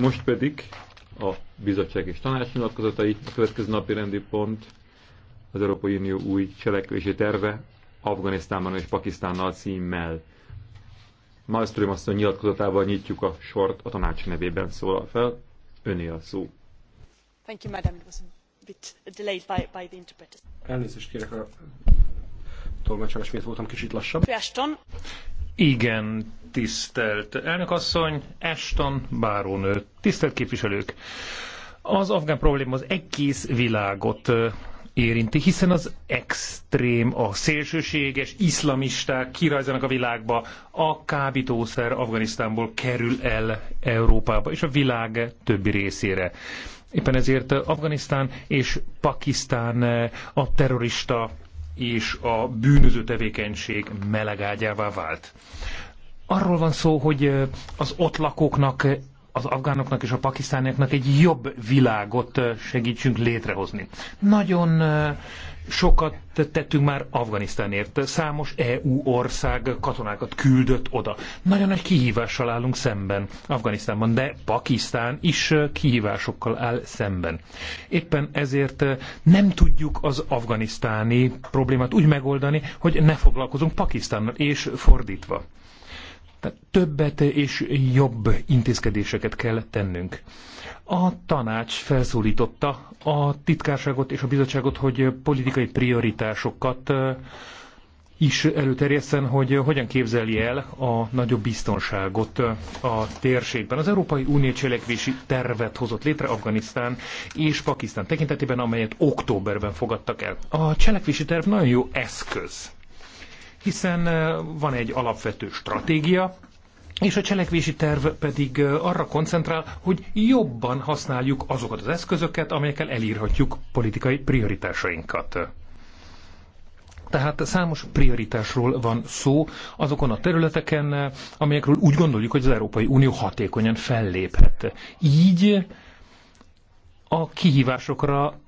Most pedig a bizottság és tanács nyilatkozatai, a következő napi rendi pont az Európai Unió új cselekvési terve Afganisztánban és Pakisztánnal címmel. Malmström asszony nyilatkozatával nyitjuk a sort, a tanács nevében szólal fel. Öné a szó. Thank you, madam. It was a bit delayed by, by the interpreter. Elnézést kérek a tolmácsolás miatt voltam kicsit lassabb. Ashton. Igen, tisztelt elnökasszony, Ashton bárónő, tisztelt képviselők. Az afgán probléma az egész világot érinti, hiszen az extrém, a szélsőséges iszlamisták kirajzanak a világba, a kábítószer Afganisztánból kerül el Európába és a világ többi részére. Éppen ezért Afganisztán és Pakisztán a terrorista és a bűnöző tevékenység melegágyává vált. Arról van szó, hogy az ott lakóknak, az afgánoknak és a pakisztániaknak egy jobb világot segítsünk létrehozni. Nagyon sokat tettünk már Afganisztánért. Számos EU ország katonákat küldött oda. Nagyon nagy kihívással állunk szemben Afganisztánban, de Pakisztán is kihívásokkal áll szemben. Éppen ezért nem tudjuk az afganisztáni problémát úgy megoldani, hogy ne foglalkozunk Pakisztánnal, és fordítva. Tehát többet és jobb intézkedéseket kell tennünk. A tanács felszólította a titkárságot és a bizottságot, hogy politikai prioritásokat is előterjeszten, hogy hogyan képzeli el a nagyobb biztonságot a térségben. Az Európai Unió cselekvési tervet hozott létre Afganisztán és Pakisztán tekintetében, amelyet októberben fogadtak el. A cselekvési terv nagyon jó eszköz, hiszen van egy alapvető stratégia, és a cselekvési terv pedig arra koncentrál, hogy jobban használjuk azokat az eszközöket, amelyekkel elírhatjuk politikai prioritásainkat. Tehát számos prioritásról van szó azokon a területeken, amelyekről úgy gondoljuk, hogy az Európai Unió hatékonyan felléphet. Így a kihívásokra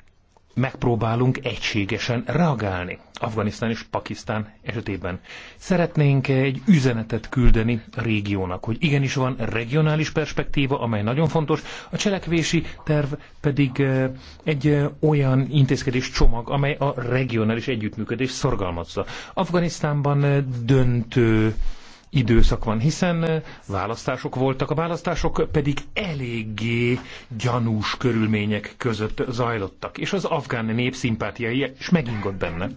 megpróbálunk egységesen reagálni Afganisztán és Pakisztán esetében. Szeretnénk egy üzenetet küldeni a régiónak, hogy igenis van regionális perspektíva, amely nagyon fontos, a cselekvési terv pedig eh, egy eh, olyan intézkedés csomag, amely a regionális együttműködés szorgalmazza. Afganisztánban eh, döntő időszak van, hiszen eh, választások voltak, a választások pedig eléggé gyanús körülmények között zajlottak, és az afgán nép szimpátiája is megingott benne.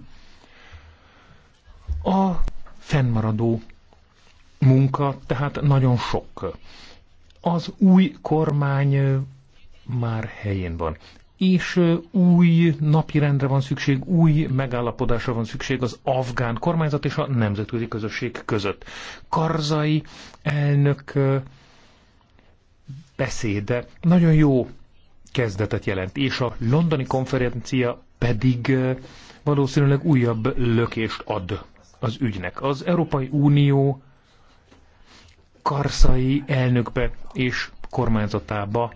A fennmaradó munka tehát nagyon sok. Az új kormány eh, már helyén van és új napirendre van szükség, új megállapodásra van szükség az afgán kormányzat és a nemzetközi közösség között. Karzai elnök beszéde nagyon jó kezdetet jelent, és a londoni konferencia pedig valószínűleg újabb lökést ad az ügynek. Az Európai Unió karszai elnökbe és kormányzatába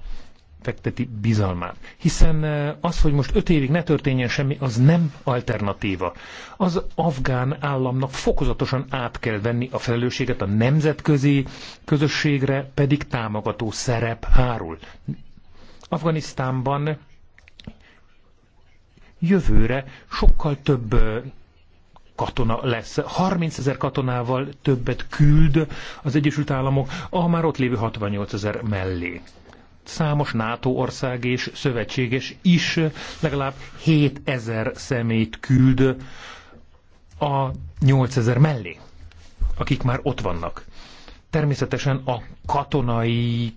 fekteti bizalmát. Hiszen eh, az, hogy most öt évig ne történjen semmi, az nem alternatíva. Az afgán államnak fokozatosan át kell venni a felelősséget a nemzetközi közösségre, pedig támogató szerep hárul. Afganisztánban jövőre sokkal több eh, katona lesz. 30 ezer katonával többet küld az Egyesült Államok a már ott lévő 68 ezer mellé számos NATO ország és szövetséges is legalább 7000 szemét küld a 8000 mellé, akik már ott vannak. Természetesen a katonai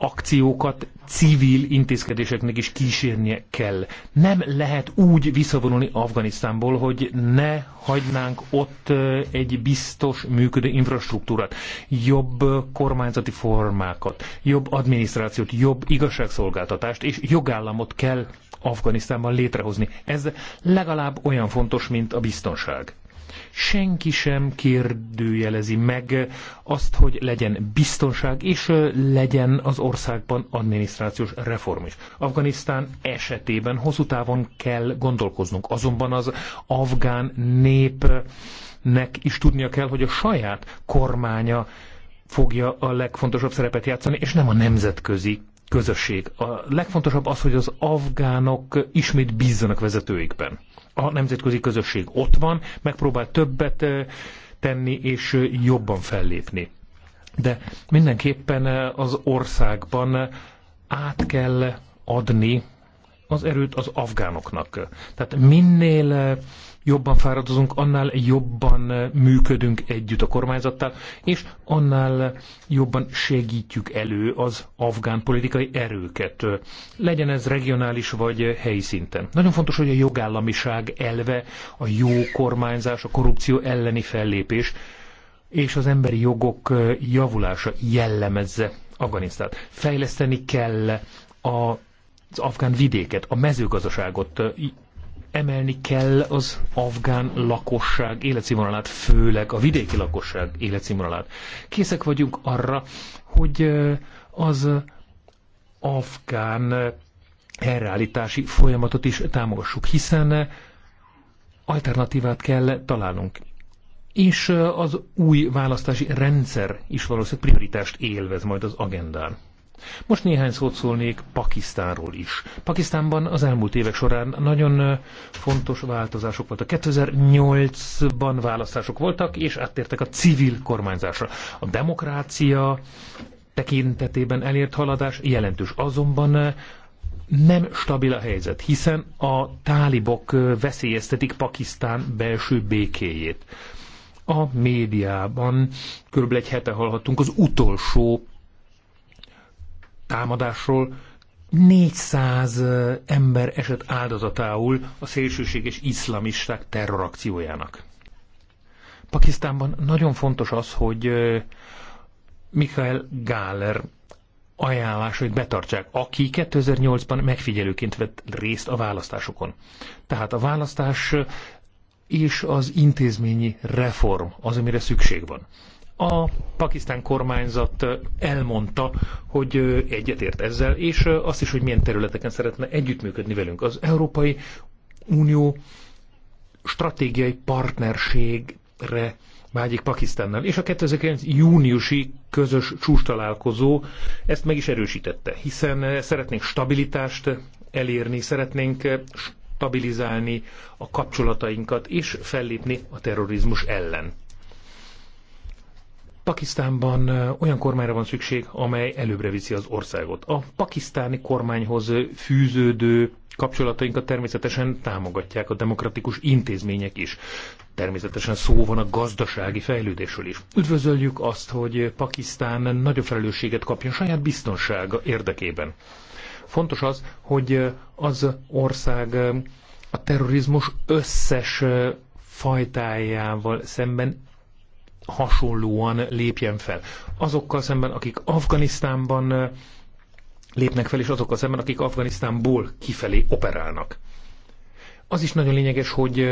akciókat civil intézkedéseknek is kísérnie kell. Nem lehet úgy visszavonulni Afganisztánból, hogy ne hagynánk ott egy biztos működő infrastruktúrát, jobb kormányzati formákat, jobb adminisztrációt, jobb igazságszolgáltatást és jogállamot kell Afganisztánban létrehozni. Ez legalább olyan fontos, mint a biztonság senki sem kérdőjelezi meg azt, hogy legyen biztonság, és legyen az országban adminisztrációs reform is. Afganisztán esetében hosszú távon kell gondolkoznunk, azonban az afgán népnek is tudnia kell, hogy a saját kormánya fogja a legfontosabb szerepet játszani, és nem a nemzetközi közösség. A legfontosabb az, hogy az afgánok ismét bízzanak vezetőikben a nemzetközi közösség ott van, megpróbál többet tenni és jobban fellépni. De mindenképpen az országban át kell adni az erőt az afgánoknak. Tehát minél jobban fáradozunk, annál jobban eh, működünk együtt a kormányzattal, és annál jobban segítjük elő az afgán politikai erőket. Legyen ez regionális vagy helyi szinten. Nagyon fontos, hogy a jogállamiság elve, a jó kormányzás, a korrupció elleni fellépés és az emberi jogok eh, javulása jellemezze Afganisztát. Fejleszteni kell a az afgán vidéket, a mezőgazdaságot, eh, emelni kell az afgán lakosság életszínvonalát, főleg a vidéki lakosság életszínvonalát. Készek vagyunk arra, hogy az afgán helyreállítási folyamatot is támogassuk, hiszen alternatívát kell találnunk. És az új választási rendszer is valószínűleg prioritást élvez majd az agendán. Most néhány szót szólnék Pakisztánról is. Pakisztánban az elmúlt évek során nagyon fontos változások voltak. 2008-ban választások voltak, és áttértek a civil kormányzásra. A demokrácia tekintetében elért haladás jelentős. Azonban nem stabil a helyzet, hiszen a tálibok veszélyeztetik Pakisztán belső békéjét. A médiában körülbelül egy hete hallhattunk az utolsó támadásról 400 ember esett áldozatául a szélsőséges iszlamisták terrorakciójának. Pakisztánban nagyon fontos az, hogy Mikhail Gáler ajánlásait betartsák, aki 2008-ban megfigyelőként vett részt a választásokon. Tehát a választás és az intézményi reform az, amire szükség van. A pakisztán kormányzat elmondta, hogy egyetért ezzel, és azt is, hogy milyen területeken szeretne együttműködni velünk. Az Európai Unió stratégiai partnerségre vágyik Pakisztánnal, és a 2009 júniusi közös csúcs találkozó ezt meg is erősítette, hiszen szeretnénk stabilitást elérni, szeretnénk stabilizálni a kapcsolatainkat és fellépni a terrorizmus ellen. Pakisztánban olyan kormányra van szükség, amely előbbre viszi az országot. A pakisztáni kormányhoz fűződő kapcsolatainkat természetesen támogatják a demokratikus intézmények is. Természetesen szó van a gazdasági fejlődésről is. Üdvözöljük azt, hogy Pakisztán nagyobb felelősséget kapjon saját biztonsága érdekében. Fontos az, hogy az ország a terrorizmus összes fajtájával szemben hasonlóan lépjen fel. Azokkal szemben, akik Afganisztánban lépnek fel, és azokkal szemben, akik Afganisztánból kifelé operálnak. Az is nagyon lényeges, hogy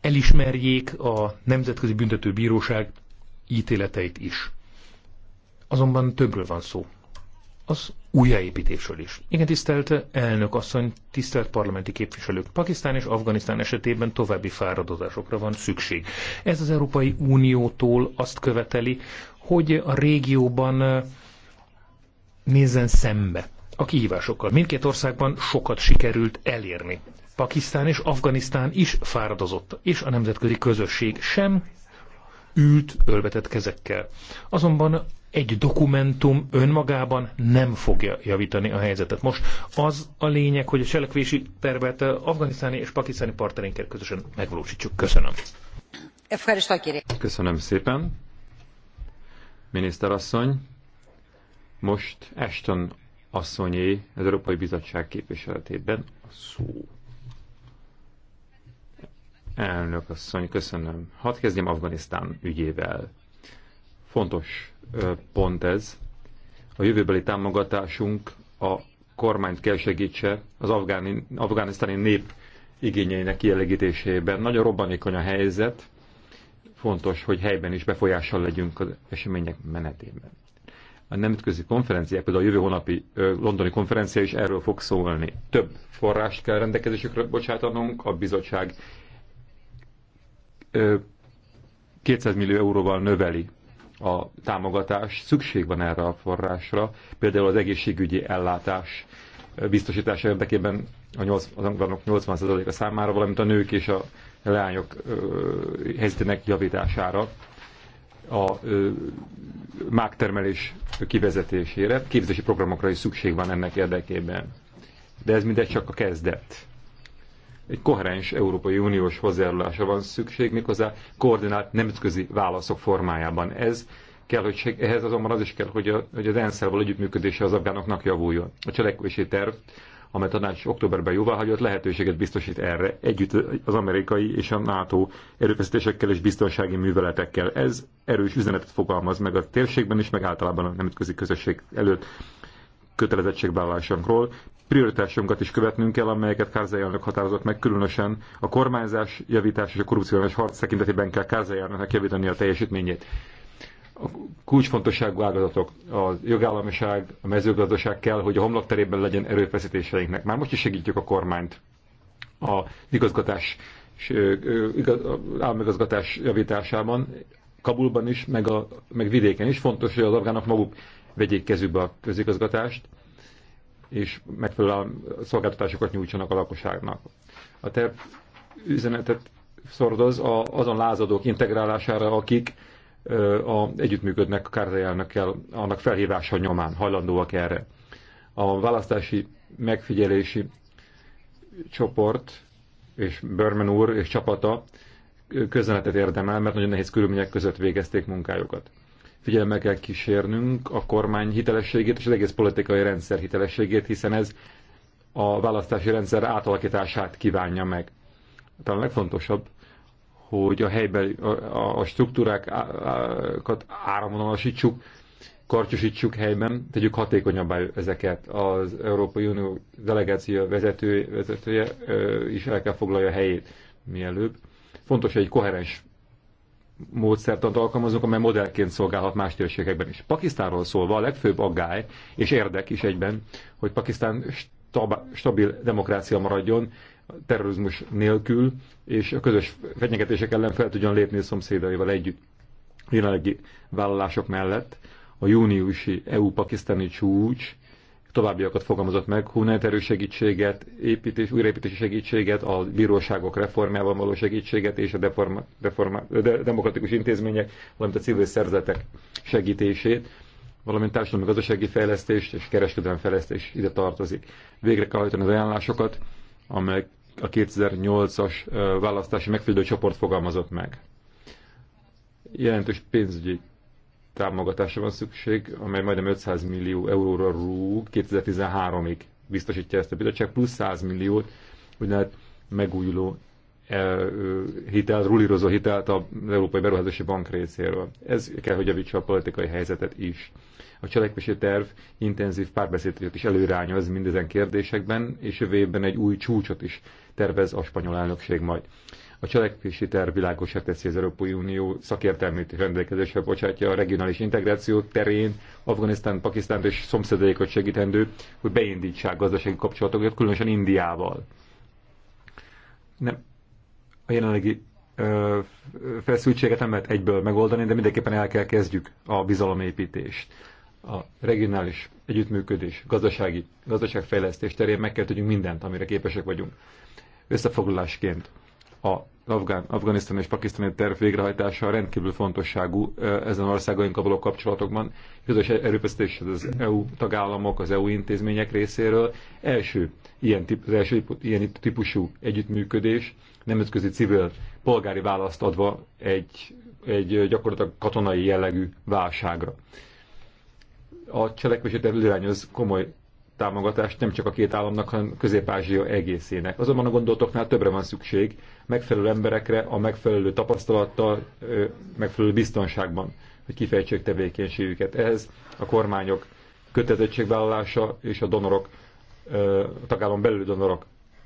elismerjék a Nemzetközi Büntetőbíróság ítéleteit is. Azonban többről van szó az újjáépítésről is. Igen, tisztelt elnök asszony, tisztelt parlamenti képviselők. Pakisztán és Afganisztán esetében további fáradozásokra van szükség. Ez az Európai Uniótól azt követeli, hogy a régióban eh, nézzen szembe a kihívásokkal. Mindkét országban sokat sikerült elérni. Pakisztán és Afganisztán is fáradozott, és a nemzetközi közösség sem ült ölbetett kezekkel. Azonban egy dokumentum önmagában nem fogja javítani a helyzetet. Most az a lényeg, hogy a cselekvési tervet afganisztáni és pakisztáni partnerinkkel közösen megvalósítsuk. Köszönöm. Köszönöm szépen. Miniszterasszony, most Ashton asszonyé az Európai Bizottság képviseletében a szó. Elnök asszony, köszönöm. Hadd kezdjem Afganisztán ügyével. Fontos pont ez. A jövőbeli támogatásunk a kormányt kell segítse az afgáni, afgánisztáni nép igényeinek kielégítésében. Nagyon robbanékony a helyzet, fontos, hogy helyben is befolyással legyünk az események menetében. A nemzetközi konferenciák, például a jövő hónapi ö, londoni konferencia is erről fog szólni. Több forrást kell rendelkezésükre bocsátanunk, a bizottság ö, 200 millió euróval növeli a támogatás, szükség van erre a forrásra, például az egészségügyi ellátás biztosítása érdekében a 8, az 80%-a számára, valamint a nők és a leányok helyzetének javítására, a mágtermelés kivezetésére, képzési programokra is szükség van ennek érdekében. De ez mindegy csak a kezdet egy koherens Európai Uniós hozzájárulásra van szükség, méghozzá koordinált nemzetközi válaszok formájában. Ez kell, hogy seg- ehhez azonban az is kell, hogy, a, hogy az ensz együttműködése az afgánoknak javuljon. A cselekvési terv, amely tanács októberben jóvá hagyott, lehetőséget biztosít erre, együtt az amerikai és a NATO erőfeszítésekkel és biztonsági műveletekkel. Ez erős üzenetet fogalmaz meg a térségben is, meg általában a nemzetközi közösség előtt kötelezettségvállalásunkról, prioritásunkat is követnünk kell, amelyeket Kárzai elnök határozott meg, különösen a kormányzás javítás és a korrupciós harc tekintetében kell Kárzai elnöknek javítani a teljesítményét. A kulcsfontosságú ágazatok, a jogállamiság, a mezőgazdaság kell, hogy a homlokterében legyen erőfeszítéseinknek. Már most is segítjük a kormányt a igazgatás államigazgatás javításában, Kabulban is, meg, a, meg vidéken is fontos, hogy az afgánok maguk vegyék kezükbe a közigazgatást, és megfelelő szolgáltatásokat nyújtsanak a lakosságnak. A te üzenetet szordoz a, azon lázadók integrálására, akik ö, a, együttműködnek a kártyájának annak felhívása nyomán hajlandóak erre. A választási megfigyelési csoport és Börmen úr és csapata közönetet érdemel, mert nagyon nehéz körülmények között végezték munkájukat figyelemmel kell kísérnünk a kormány hitelességét és az egész politikai rendszer hitelességét, hiszen ez a választási rendszer átalakítását kívánja meg. Talán legfontosabb, hogy a helyben a, a struktúrákat áramvonalasítsuk, karcsosítsuk helyben, tegyük hatékonyabbá ezeket. Az Európai Unió delegáció vezető, vezetője is el kell foglalja a helyét mielőbb. Fontos egy koherens módszertant alkalmazunk, amely modellként szolgálhat más térségekben is. Pakisztánról szólva a legfőbb aggály és érdek is egyben, hogy Pakisztán stabil demokrácia maradjon, terrorizmus nélkül, és a közös fenyegetések ellen fel tudjon lépni a szomszédaival együtt jelenlegi vállalások mellett. A júniusi EU-pakisztáni csúcs továbbiakat fogalmazott meg, humanitárius segítséget, építés, újraépítési segítséget, a bíróságok reformjában való segítséget és a deforma, deforma, de, demokratikus intézmények, valamint a civil szerzetek segítését, valamint társadalmi gazdasági fejlesztést és kereskedelmi fejlesztés ide tartozik. Végre kell hajtani az ajánlásokat, amely a 2008-as választási megfigyelő csoport fogalmazott meg. Jelentős pénzügyi támogatásra van szükség, amely majdnem 500 millió euróra rúg 2013-ig biztosítja ezt a bizottság, plusz 100 milliót úgynevezett megújuló e, hitelt, rulírozó hitelt az Európai Beruházási Bank részéről. Ez kell, hogy javítsa a politikai helyzetet is. A cselekvési terv intenzív párbeszédet is előrányoz mindezen kérdésekben, és jövő évben egy új csúcsot is tervez a spanyol elnökség majd. A cselekvési terv világosá teszi az Európai Unió szakértelmét rendelkezésre bocsátja a regionális integráció terén, Afganisztán, Pakisztánt és szomszédaikat segítendő, hogy beindítsák gazdasági kapcsolatokat, különösen Indiával. Nem, a jelenlegi ö, feszültséget nem lehet egyből megoldani, de mindenképpen el kell kezdjük a bizalomépítést. A regionális együttműködés, gazdasági, gazdaságfejlesztés terén meg kell tudjunk mindent, amire képesek vagyunk. Összefoglalásként a afgán, afganisztán és pakisztáni terv végrehajtása rendkívül fontosságú ezen országainkkal való kapcsolatokban. Közös erőfeszítés az EU tagállamok, az EU intézmények részéről. Első ilyen, típ, az első ilyen típusú együttműködés nemzetközi civil polgári választ adva egy, egy gyakorlatilag katonai jellegű válságra. A cselekvési terv irányoz komoly támogatást nem csak a két államnak, hanem Közép-Ázsia egészének. Azonban a gondoltoknál többre van szükség, megfelelő emberekre a megfelelő tapasztalattal, megfelelő biztonságban, hogy kifejtsék tevékenységüket. Ehhez a kormányok kötelezettségvállalása és a donorok, a tagállam belül donorok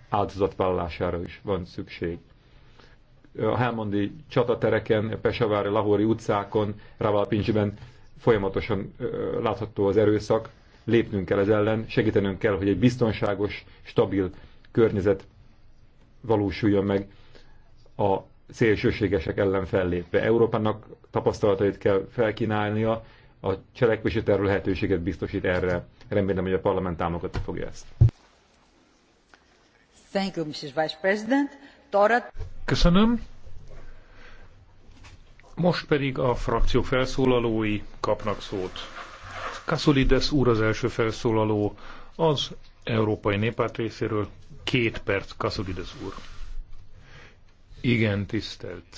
áldozatvállalására is van szükség. A Helmondi csatatereken, a Pesavári, Lahori utcákon, Ravalpincsben folyamatosan látható az erőszak, lépnünk kell ez ellen, segítenünk kell, hogy egy biztonságos, stabil környezet valósuljon meg a szélsőségesek ellen fellépve. Európának tapasztalatait kell felkínálnia, a cselekvési terv lehetőséget biztosít erre. Remélem, hogy a parlament támogatni fogja ezt. Thank you, Mrs. Vice President. Tora... Köszönöm. Most pedig a frakció felszólalói kapnak szót. Kasulides úr az első felszólaló az Európai Néppárt részéről. Két perc, Kasulides úr. Igen, tisztelt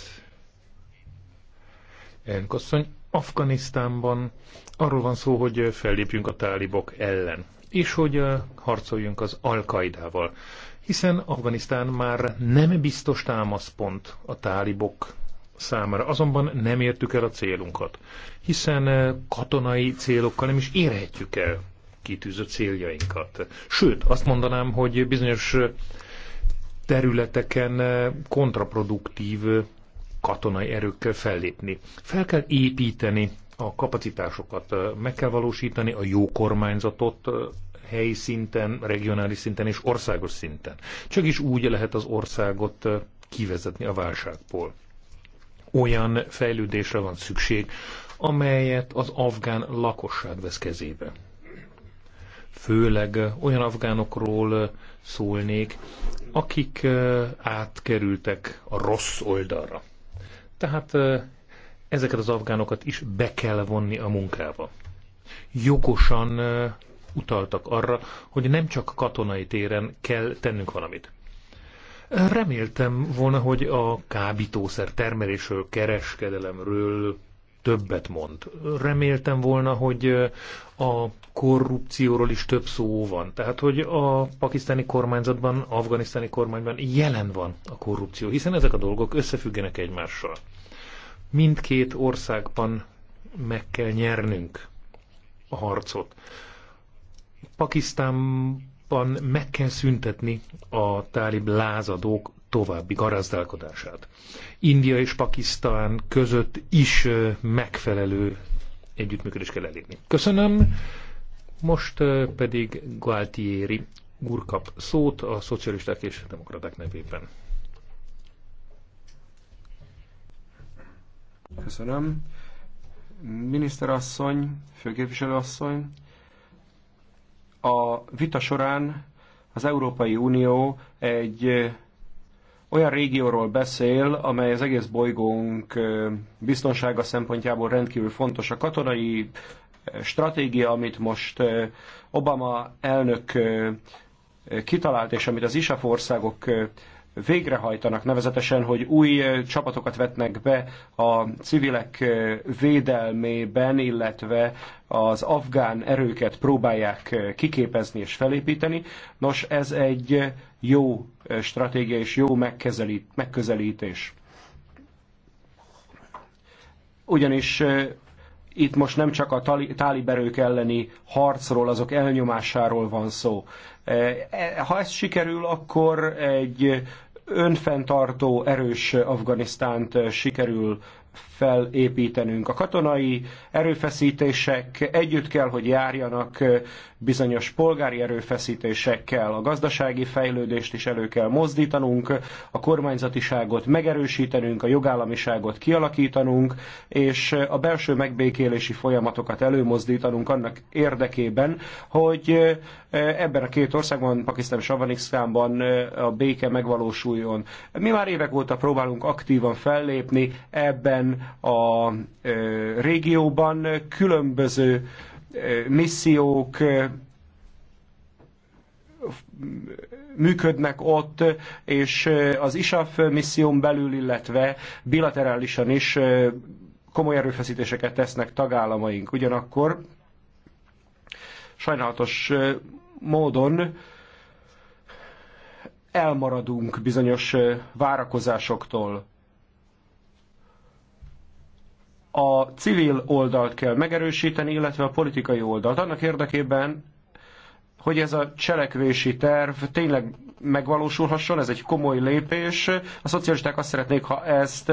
asszony, Afganisztánban arról van szó, hogy fellépjünk a tálibok ellen, és hogy eh, harcoljunk az Al-Qaidával, hiszen Afganisztán már nem biztos támaszpont a tálibok számára. Azonban nem értük el a célunkat, hiszen eh, katonai célokkal nem is érhetjük el kitűzött céljainkat. Sőt, azt mondanám, hogy bizonyos eh, területeken eh, kontraproduktív eh, katonai erőkkel fellépni. Fel kell építeni a kapacitásokat, eh, meg kell valósítani a jó kormányzatot helyi szinten, regionális szinten és országos szinten. Csak is úgy lehet az országot kivezetni a válságból. Olyan fejlődésre van szükség, amelyet az afgán lakosság vesz kezébe. Főleg olyan afgánokról szólnék, akik átkerültek a rossz oldalra. Tehát ezeket az afgánokat is be kell vonni a munkába. Jogosan utaltak arra, hogy nem csak katonai téren kell tennünk valamit. Reméltem volna, hogy a kábítószer termelésről, kereskedelemről, többet mond. Reméltem volna, hogy a korrupcióról is több szó van. Tehát, hogy a pakisztáni kormányzatban, afganisztáni kormányban jelen van a korrupció, hiszen ezek a dolgok összefüggenek egymással. Mindkét országban meg kell nyernünk a harcot. Pakisztánban meg kell szüntetni a tálib lázadók további garazdálkodását. India és Pakisztán között is megfelelő együttműködés kell elérni. Köszönöm. Most pedig Gualtieri úr kap szót a szocialisták és demokraták nevében. Köszönöm. Miniszterasszony, főképviselőasszony, a vita során az Európai Unió egy olyan régióról beszél, amely az egész bolygónk biztonsága szempontjából rendkívül fontos. A katonai stratégia, amit most Obama elnök kitalált, és amit az ISAF országok végrehajtanak, nevezetesen, hogy új csapatokat vetnek be a civilek védelmében, illetve az afgán erőket próbálják kiképezni és felépíteni. Nos, ez egy jó stratégia és jó megközelítés. Ugyanis itt most nem csak a táliberők elleni harcról, azok elnyomásáról van szó. E, e, ha ez sikerül, akkor egy önfenntartó, erős Afganisztánt sikerül felépítenünk. A katonai erőfeszítések együtt kell, hogy járjanak bizonyos polgári erőfeszítésekkel. A gazdasági fejlődést is elő kell mozdítanunk, a kormányzatiságot megerősítenünk, a jogállamiságot kialakítanunk, és a belső megbékélési folyamatokat előmozdítanunk annak érdekében, hogy ebben a két országban, Pakisztán és Afganisztánban a béke megvalósuljon. Mi már évek óta próbálunk aktívan fellépni ebben a régióban különböző missziók működnek ott, és az ISAF misszión belül, illetve bilaterálisan is komoly erőfeszítéseket tesznek tagállamaink. Ugyanakkor sajnálatos módon elmaradunk bizonyos várakozásoktól a civil oldalt kell megerősíteni, illetve a politikai oldalt. Annak érdekében, hogy ez a cselekvési terv tényleg megvalósulhasson, ez egy komoly lépés. A szocialisták azt szeretnék, ha ezt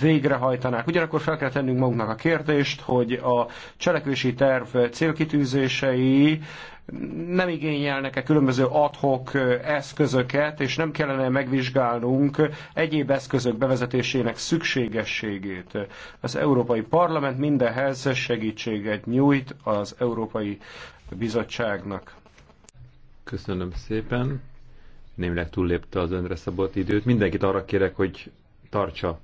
végrehajtanák. Ugyanakkor fel kell tennünk magunknak a kérdést, hogy a cselekvési terv célkitűzései nem igényelnek-e különböző adhok eszközöket, és nem kellene megvizsgálnunk egyéb eszközök bevezetésének szükségességét. Az Európai Parlament mindehez segítséget nyújt az Európai Bizottságnak. Köszönöm szépen. Némileg túllépte az önre szabott időt. Mindenkit arra kérek, hogy tartsa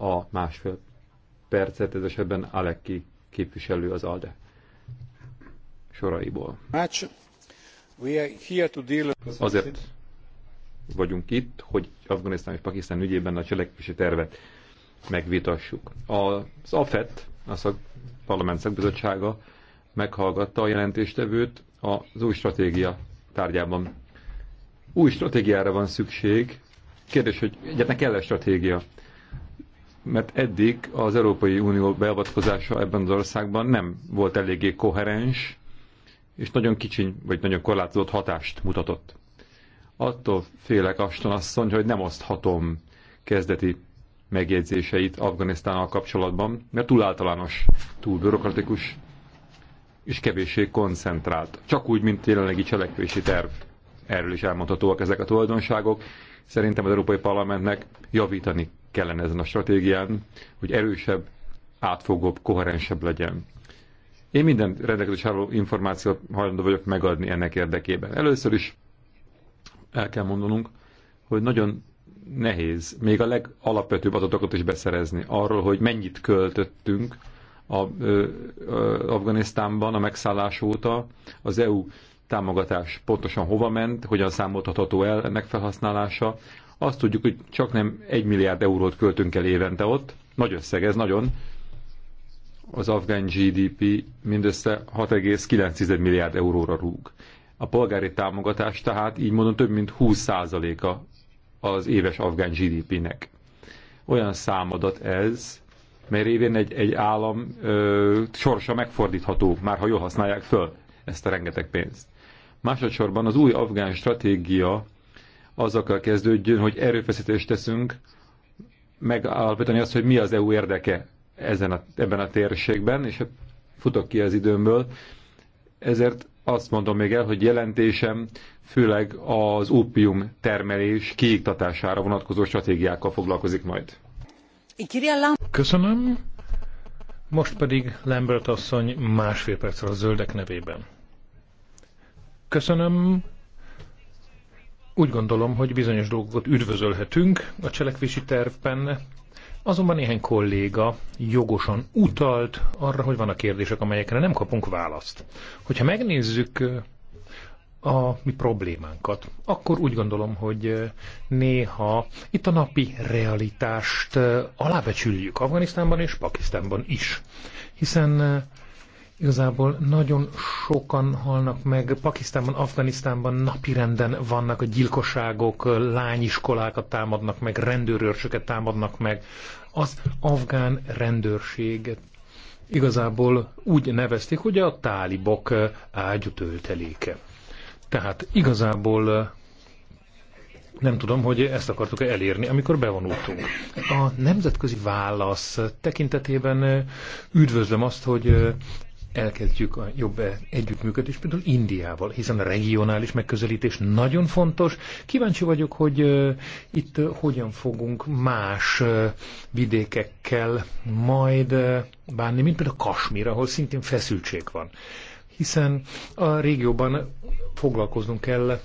a másfél percet, ez esetben Aleki képviselő az ALDE soraiból. Azért vagyunk itt, hogy Afganisztán és Pakisztán ügyében a cselekvési tervet megvitassuk. Az AFET, a parlament szakbizottsága meghallgatta a jelentéstevőt az új stratégia tárgyában. Új stratégiára van szükség. Kérdés, hogy egyetlen kell-e stratégia? mert eddig az Európai Unió beavatkozása ebben az országban nem volt eléggé koherens, és nagyon kicsiny vagy nagyon korlátozott hatást mutatott. Attól félek Aston asszony, hogy nem oszthatom kezdeti megjegyzéseit Afganisztánnal kapcsolatban, mert túl általános, túl bürokratikus és kevéssé koncentrált. Csak úgy, mint jelenlegi cselekvési terv. Erről is elmondhatóak ezek a tulajdonságok. Szerintem az Európai Parlamentnek javítani kellene ezen a stratégián, hogy erősebb, átfogóbb, koherensebb legyen. Én minden rendelkezésre álló információt hajlandó vagyok megadni ennek érdekében. Először is el kell mondanunk, hogy nagyon nehéz még a legalapvetőbb adatokat is beszerezni arról, hogy mennyit költöttünk a, a, a Afganisztánban a megszállás óta, az EU támogatás pontosan hova ment, hogyan számoltatható el ennek felhasználása, azt tudjuk, hogy csak nem egy milliárd eurót költünk el évente ott. Nagy összeg ez, nagyon. Az afgán GDP mindössze 6,9 milliárd euróra rúg. A polgári támogatás tehát így mondom több mint 20%-a az éves afgán GDP-nek. Olyan számadat ez, mert révén egy, egy állam ö, sorsa megfordítható, már ha jól használják föl ezt a rengeteg pénzt. Másodszorban az új afgán stratégia azzal kezdődjön, hogy erőfeszítést teszünk megállapítani azt, hogy mi az EU érdeke ezen a, ebben a térségben, és hát futok ki az időmből. Ezért azt mondom még el, hogy jelentésem főleg az ópium termelés kiiktatására vonatkozó stratégiákkal foglalkozik majd. Köszönöm. Most pedig Lambert asszony másfél percre a zöldek nevében. Köszönöm, úgy gondolom, hogy bizonyos dolgokat üdvözölhetünk a cselekvési tervben, azonban néhány kolléga jogosan utalt arra, hogy vannak kérdések, amelyekre nem kapunk választ. Hogyha megnézzük a mi problémánkat, akkor úgy gondolom, hogy néha itt a napi realitást alábecsüljük Afganisztánban és Pakisztánban is. Hiszen Igazából nagyon sokan halnak meg. Pakisztánban, Afganisztánban napirenden vannak a gyilkosságok, lányiskolákat támadnak meg, rendőrőrsöket támadnak meg. Az afgán rendőrséget igazából úgy nevezték, hogy a tálibok ágyutölteléke. Tehát igazából nem tudom, hogy ezt akartuk -e elérni, amikor bevonultunk. A nemzetközi válasz tekintetében üdvözlöm azt, hogy elkezdjük a jobb együttműködést, például Indiával, hiszen a regionális megközelítés nagyon fontos. Kíváncsi vagyok, hogy itt hogyan fogunk más vidékekkel majd bánni, mint például Kasmir, ahol szintén feszültség van. Hiszen a régióban foglalkoznunk kell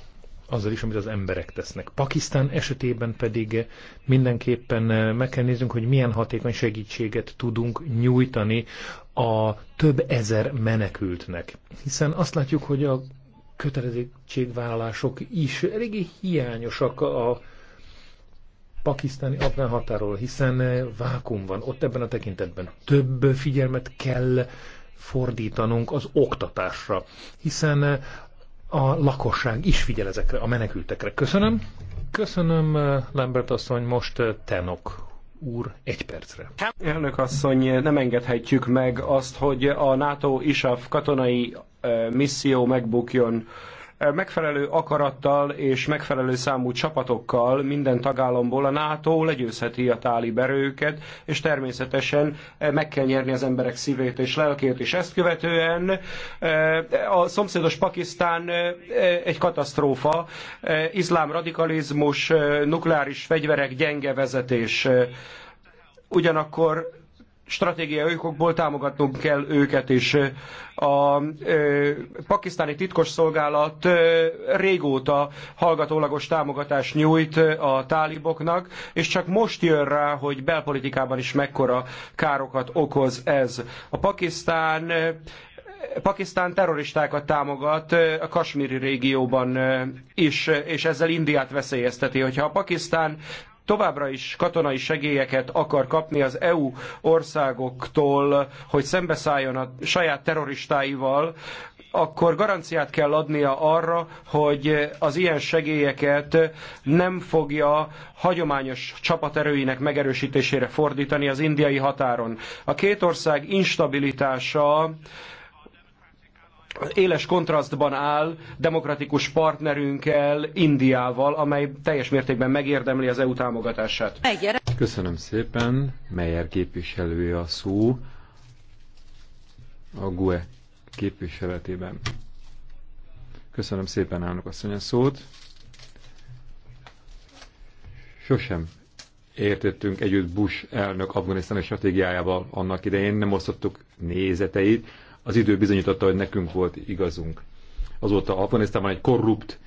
azzal is, amit az emberek tesznek. Pakisztán esetében pedig mindenképpen eh, meg kell néznünk, hogy milyen hatékony segítséget tudunk nyújtani a több ezer menekültnek. Hiszen azt látjuk, hogy a kötelezettségvállások is eléggé hiányosak a pakisztáni afgán határól, hiszen eh, vákum van ott ebben a tekintetben. Több figyelmet kell fordítanunk az oktatásra, hiszen eh, a lakosság is figyel ezekre, a menekültekre. Köszönöm. Köszönöm, Lambert asszony, most eh, Tenok úr egy percre. Elnök asszony, nem engedhetjük meg azt, hogy a NATO ISAF katonai eh, misszió megbukjon megfelelő akarattal és megfelelő számú csapatokkal minden tagállamból a NATO legyőzheti a tálib erőket, és természetesen eh, meg kell nyerni az emberek szívét és lelkét, és ezt követően eh, a szomszédos Pakisztán eh, egy katasztrófa, iszlám radikalizmus, nukleáris fegyverek, gyenge vezetés. Ugyanakkor stratégiai okokból támogatnunk kell őket is. A ö, pakisztáni titkosszolgálat régóta hallgatólagos támogatást nyújt a táliboknak, és csak most jön rá, hogy belpolitikában is mekkora károkat okoz ez. A Pakisztán Pakisztán terroristákat támogat a kasmíri régióban is, és ezzel Indiát veszélyezteti. Hogyha a Pakisztán továbbra is katonai segélyeket akar kapni az EU országoktól, hogy szembeszálljon a saját terroristáival, akkor garanciát kell adnia arra, hogy az ilyen segélyeket nem fogja hagyományos csapaterőinek megerősítésére fordítani az indiai határon. A két ország instabilitása éles kontrasztban áll demokratikus partnerünkkel, Indiával, amely teljes mértékben megérdemli az EU támogatását. Köszönöm szépen, Meyer képviselője a szó a GUE képviseletében. Köszönöm szépen, elnök asszony a szót. Sosem értettünk együtt Bush elnök afganisztáni stratégiájával annak idején, nem osztottuk nézeteit, az idő bizonyította, hogy nekünk volt igazunk. Azóta Afganisztánban egy korrupt,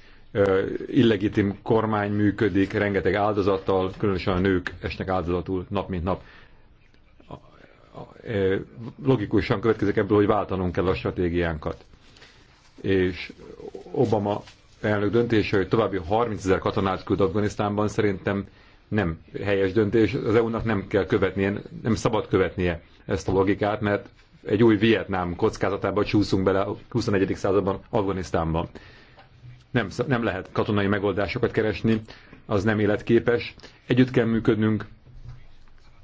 illegitim kormány működik, rengeteg áldozattal, különösen a nők esnek áldozatul nap mint nap. Logikusan következik ebből, hogy váltanunk kell a stratégiánkat. És Obama elnök döntése, hogy további 30 ezer katonát küld Afganisztánban, szerintem nem helyes döntés. Az EU-nak nem kell követnie, nem szabad követnie ezt a logikát, mert egy új Vietnám kockázatába csúszunk bele a 21. században Afganisztánban. Nem, nem lehet katonai megoldásokat keresni, az nem életképes. Együtt kell működnünk,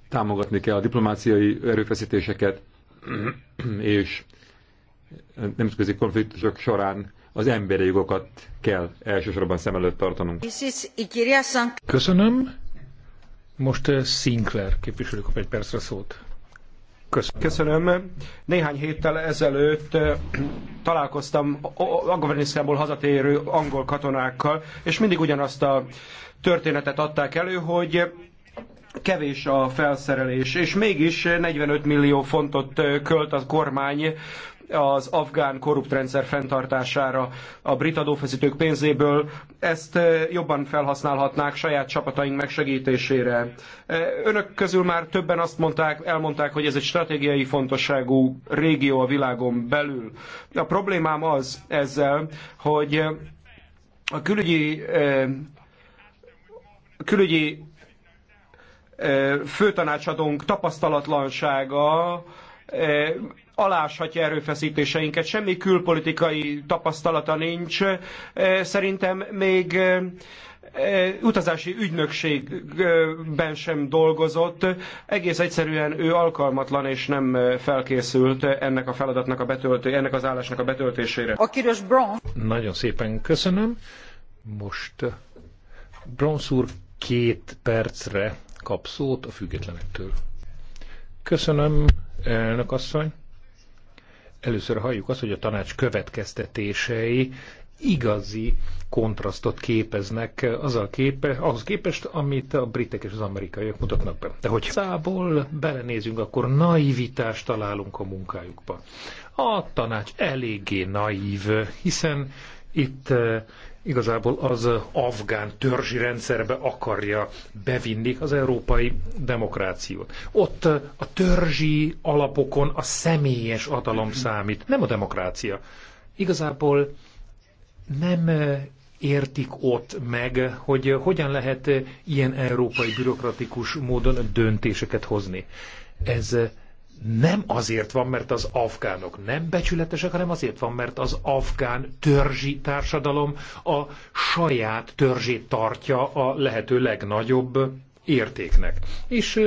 támogatni kell a diplomáciai erőfeszítéseket, és nemzetközi konfliktusok során az emberi jogokat kell elsősorban szem előtt tartanunk. Köszönöm. Most eh, Sinclair képviselők egy percre szót. Köszönöm. Néhány héttel ezelőtt találkoztam Afganisztánból hazatérő angol katonákkal, és mindig ugyanazt a történetet adták elő, hogy kevés a felszerelés, és mégis 45 millió fontot költ a kormány az afgán korrupt rendszer fenntartására a brit adófeszítők pénzéből, ezt jobban felhasználhatnák saját csapataink megsegítésére. Önök közül már többen azt mondták, elmondták, hogy ez egy stratégiai fontosságú régió a világon belül. A problémám az ezzel, hogy a külügyi, a külügyi főtanácsadónk tapasztalatlansága aláshatja erőfeszítéseinket, semmi külpolitikai tapasztalata nincs. E, szerintem még e, e, utazási ügynökségben sem dolgozott. Egész egyszerűen ő alkalmatlan és nem felkészült ennek a feladatnak a betöltő, ennek az állásnak a betöltésére. A kíros Bronz. Nagyon szépen köszönöm. Most eh, Bronz úr két percre kap szót a függetlenektől. Köszönöm, elnök asszony először halljuk azt, hogy a tanács következtetései igazi kontrasztot képeznek az a képe, ahhoz képest, amit a britek és az amerikaiak mutatnak be. De hogy szából belenézünk, akkor naivitást találunk a munkájukba. A tanács eléggé naív, hiszen itt igazából az afgán törzsi rendszerbe akarja bevinni az európai demokrációt. Ott a törzsi alapokon a személyes hatalom számít, nem a demokrácia. Igazából nem értik ott meg, hogy hogyan lehet ilyen európai bürokratikus módon döntéseket hozni. Ez nem azért van, mert az afgánok nem becsületesek, hanem azért van, mert az afgán törzsi társadalom a saját törzsét tartja a lehető legnagyobb értéknek. És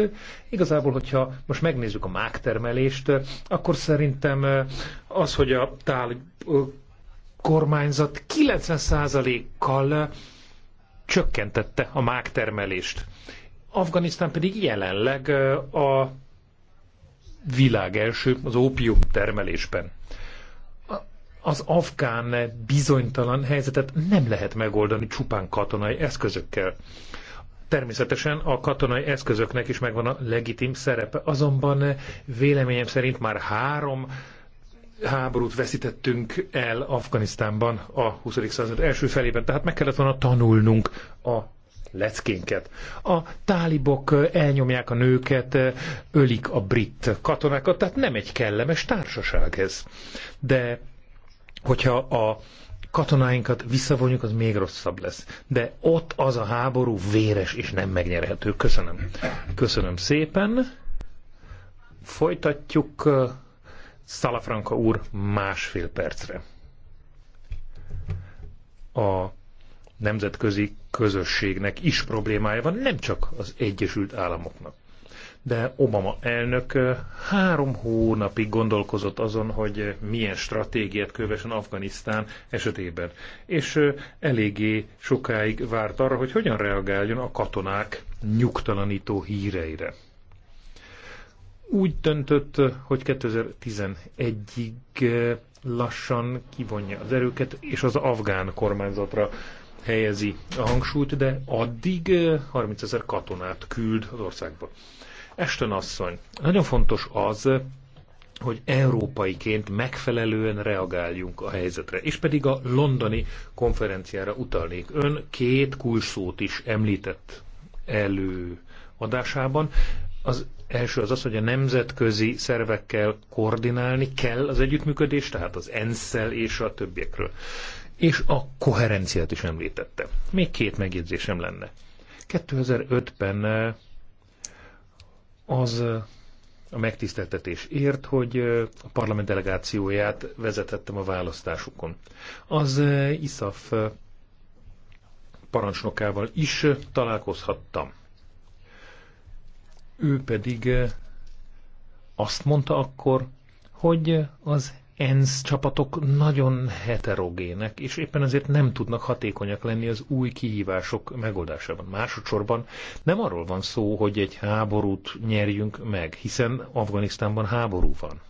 igazából, hogyha most megnézzük a mágtermelést, akkor szerintem az, hogy a tál kormányzat 90%-kal csökkentette a mágtermelést. Afganisztán pedig jelenleg a világ első az ópium termelésben. Az afgán bizonytalan helyzetet nem lehet megoldani csupán katonai eszközökkel. Természetesen a katonai eszközöknek is megvan a legitim szerepe, azonban véleményem szerint már három háborút veszítettünk el Afganisztánban a 20. század első felében, tehát meg kellett volna tanulnunk a leckénket. A tálibok elnyomják a nőket, ölik a brit katonákat, tehát nem egy kellemes társaság ez. De hogyha a katonáinkat visszavonjuk, az még rosszabb lesz. De ott az a háború véres és nem megnyerhető. Köszönöm. Köszönöm szépen. Folytatjuk Szalafranka úr másfél percre. A nemzetközi közösségnek is problémája van, nem csak az Egyesült Államoknak. De Obama elnök három hónapig gondolkozott azon, hogy milyen stratégiát kövesen Afganisztán esetében. És eléggé sokáig várt arra, hogy hogyan reagáljon a katonák nyugtalanító híreire. Úgy döntött, hogy 2011-ig lassan kivonja az erőket, és az afgán kormányzatra helyezi a hangsúlyt, de addig 30 ezer katonát küld az országba. Esten asszony, nagyon fontos az, hogy európaiként megfelelően reagáljunk a helyzetre. És pedig a londoni konferenciára utalnék. Ön két kulcsszót is említett előadásában. Az első az az, hogy a nemzetközi szervekkel koordinálni kell az együttműködést, tehát az ENSZ-szel és a többiekről és a koherenciát is említette. Még két megjegyzésem lenne. 2005-ben eh, az eh, a megtiszteltetés ért, hogy eh, a parlament delegációját vezetettem a választásukon. Az ISAF parancsnokával is találkozhattam. Ő pedig azt mondta akkor, hogy az ENSZ csapatok nagyon heterogének, és éppen ezért nem tudnak hatékonyak lenni az új kihívások megoldásában. Másodszorban nem arról van szó, hogy egy háborút nyerjünk meg, hiszen Afganisztánban háború van.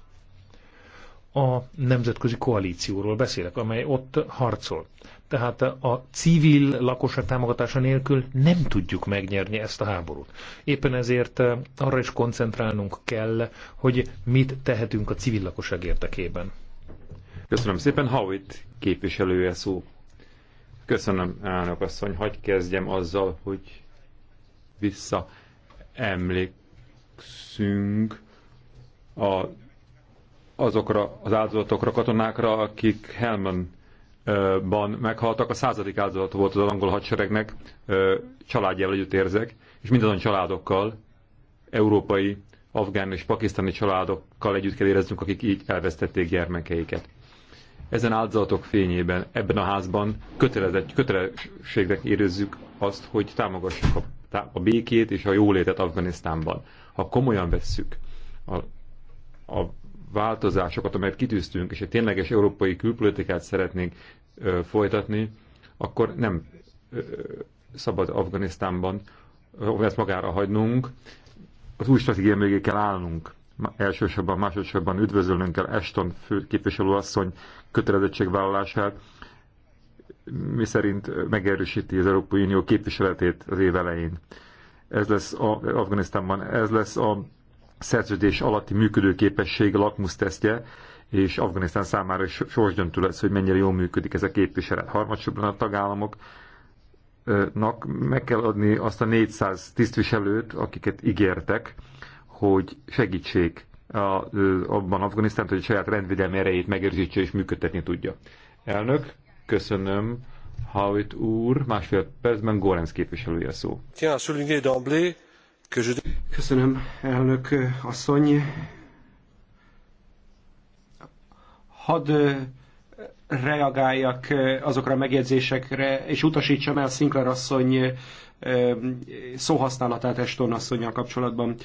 A nemzetközi koalícióról beszélek, amely ott harcol. Tehát a civil lakosság támogatása nélkül nem tudjuk megnyerni ezt a háborút. Éppen ezért eh, arra is koncentrálnunk kell, hogy mit tehetünk a civil lakosság érdekében. Köszönöm szépen, Howitt képviselője szó. Köszönöm, elnök asszony, hagyj kezdjem azzal, hogy vissza emlékszünk a, azokra az áldozatokra, katonákra, akik Helman ban meghaltak, a századik áldozat volt az angol hadseregnek, családjával együtt érzek, és mindazon családokkal, európai, afgán és pakisztáni családokkal együtt kell éreznünk, akik így elvesztették gyermekeiket. Ezen áldozatok fényében, ebben a házban kötelezett, kötelességnek érezzük azt, hogy támogassuk a, a békét és a jólétet Afganisztánban. Ha komolyan vesszük a, a változásokat, amelyet kitűztünk, és egy tényleges európai külpolitikát szeretnénk ö, folytatni, akkor nem ö, szabad Afganisztánban ö, ezt magára hagynunk. Az új stratégia mögé kell állnunk. Elsősorban, másodszorban üdvözölnünk kell Eston főképviselőasszony kötelezettségvállalását, mi szerint megerősíti az Európai Unió képviseletét az év elején. Ez lesz a, Afganisztánban, ez lesz a szerződés alatti működőképesség lakmusztesztje, és Afganisztán számára is sorsdöntő lesz, hogy mennyire jól működik ez a képviselet. Harmadsorban a tagállamoknak meg kell adni azt a 400 tisztviselőt, akiket ígértek, hogy segítsék a, abban Afganisztán, hogy a saját rendvédelmi erejét megőrzítse és működtetni tudja. Elnök, köszönöm. Howitt úr, másfél percben Gorenc képviselője szó. Tiens, souligner d'emblée Köszönöm, elnök asszony. Hadd reagáljak azokra a megjegyzésekre, és utasítsam el Sinclair asszony szóhasználatát Eston asszonyjal kapcsolatban.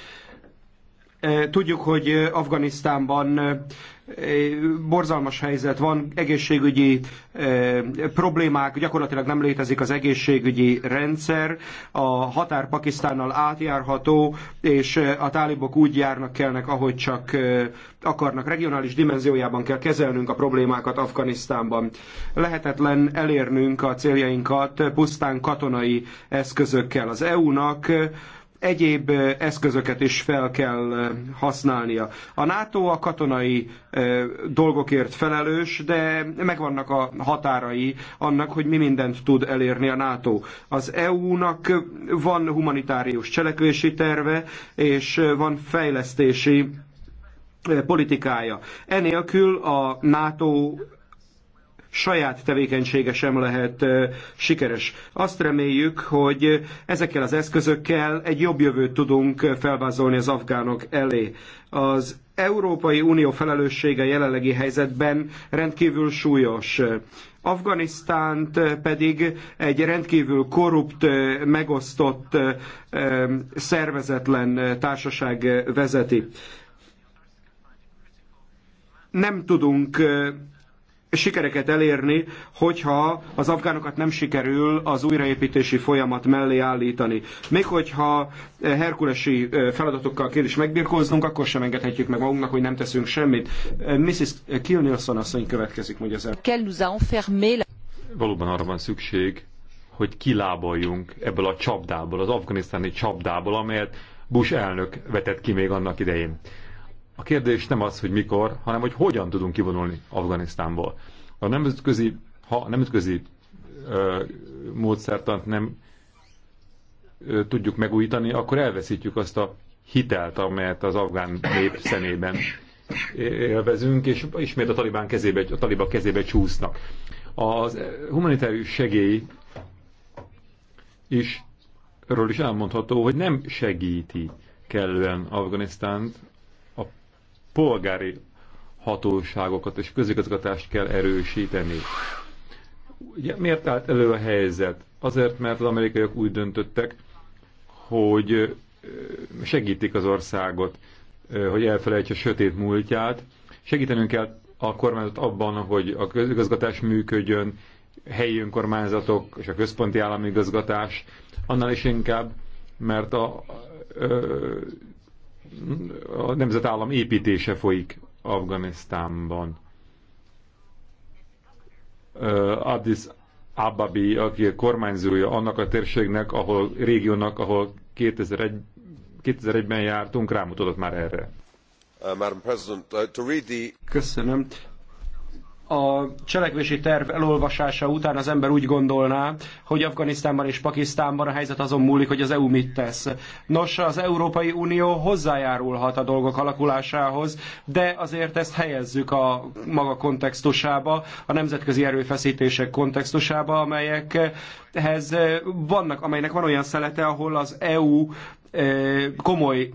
Tudjuk, hogy Afganisztánban borzalmas helyzet van, egészségügyi eh, problémák, gyakorlatilag nem létezik az egészségügyi rendszer, a határ Pakisztánnal átjárható, és eh, a tálibok úgy járnak kelnek, ahogy csak eh, akarnak. Regionális dimenziójában kell kezelnünk a problémákat Afganisztánban. Lehetetlen elérnünk a céljainkat pusztán katonai eszközökkel. Az EU-nak egyéb eszközöket is fel kell használnia. A NATO a katonai dolgokért felelős, de megvannak a határai annak, hogy mi mindent tud elérni a NATO. Az EU-nak van humanitárius cselekvési terve, és van fejlesztési politikája. Enélkül a NATO saját tevékenysége sem lehet sikeres. Azt reméljük, hogy ezekkel az eszközökkel egy jobb jövőt tudunk felvázolni az afgánok elé. Az Európai Unió felelőssége jelenlegi helyzetben rendkívül súlyos. Afganisztánt pedig egy rendkívül korrupt, megosztott, szervezetlen társaság vezeti. Nem tudunk sikereket elérni, hogyha az afgánokat nem sikerül az újraépítési folyamat mellé állítani. Még hogyha eh, herkulesi eh, feladatokkal kell is megbirkóznunk, akkor sem engedhetjük meg magunknak, hogy nem teszünk semmit. Eh, Mrs. Kilnilson asszony következik, mondja az el. Valóban arra van szükség, hogy kilábaljunk ebből a csapdából, az afganisztáni csapdából, amelyet Bush elnök vetett ki még annak idején. A kérdés nem az, hogy mikor, hanem hogy hogyan tudunk kivonulni Afganisztánból. A nemzetközi, ha a nemzetközi ö, módszertant nem ö, tudjuk megújítani, akkor elveszítjük azt a hitelt, amelyet az afgán nép szemében élvezünk, és ismét a talibán kezébe, a taliba kezébe csúsznak. Az humanitárius segély is, erről is elmondható, hogy nem segíti kellően Afganisztánt polgári hatóságokat és közigazgatást kell erősíteni. Ugye, miért állt elő a helyzet? Azért, mert az amerikaiak úgy döntöttek, hogy segítik az országot, hogy elfelejtse a sötét múltját. Segítenünk kell a kormányzat abban, hogy a közigazgatás működjön, helyi önkormányzatok és a központi állami igazgatás, annál is inkább, mert a, a nemzetállam építése folyik Afganisztánban. Addis Ababi, aki a kormányzója annak a térségnek, ahol régiónak, ahol 2001, 2001-ben jártunk, rámutatott már erre. Uh, uh, Köszönöm a cselekvési terv elolvasása után az ember úgy gondolná, hogy Afganisztánban és Pakisztánban a helyzet azon múlik, hogy az EU mit tesz. Nos, az Európai Unió hozzájárulhat a dolgok alakulásához, de azért ezt helyezzük a maga kontextusába, a nemzetközi erőfeszítések kontextusába, amelyekhez vannak, amelynek van olyan szelete, ahol az EU eh, komoly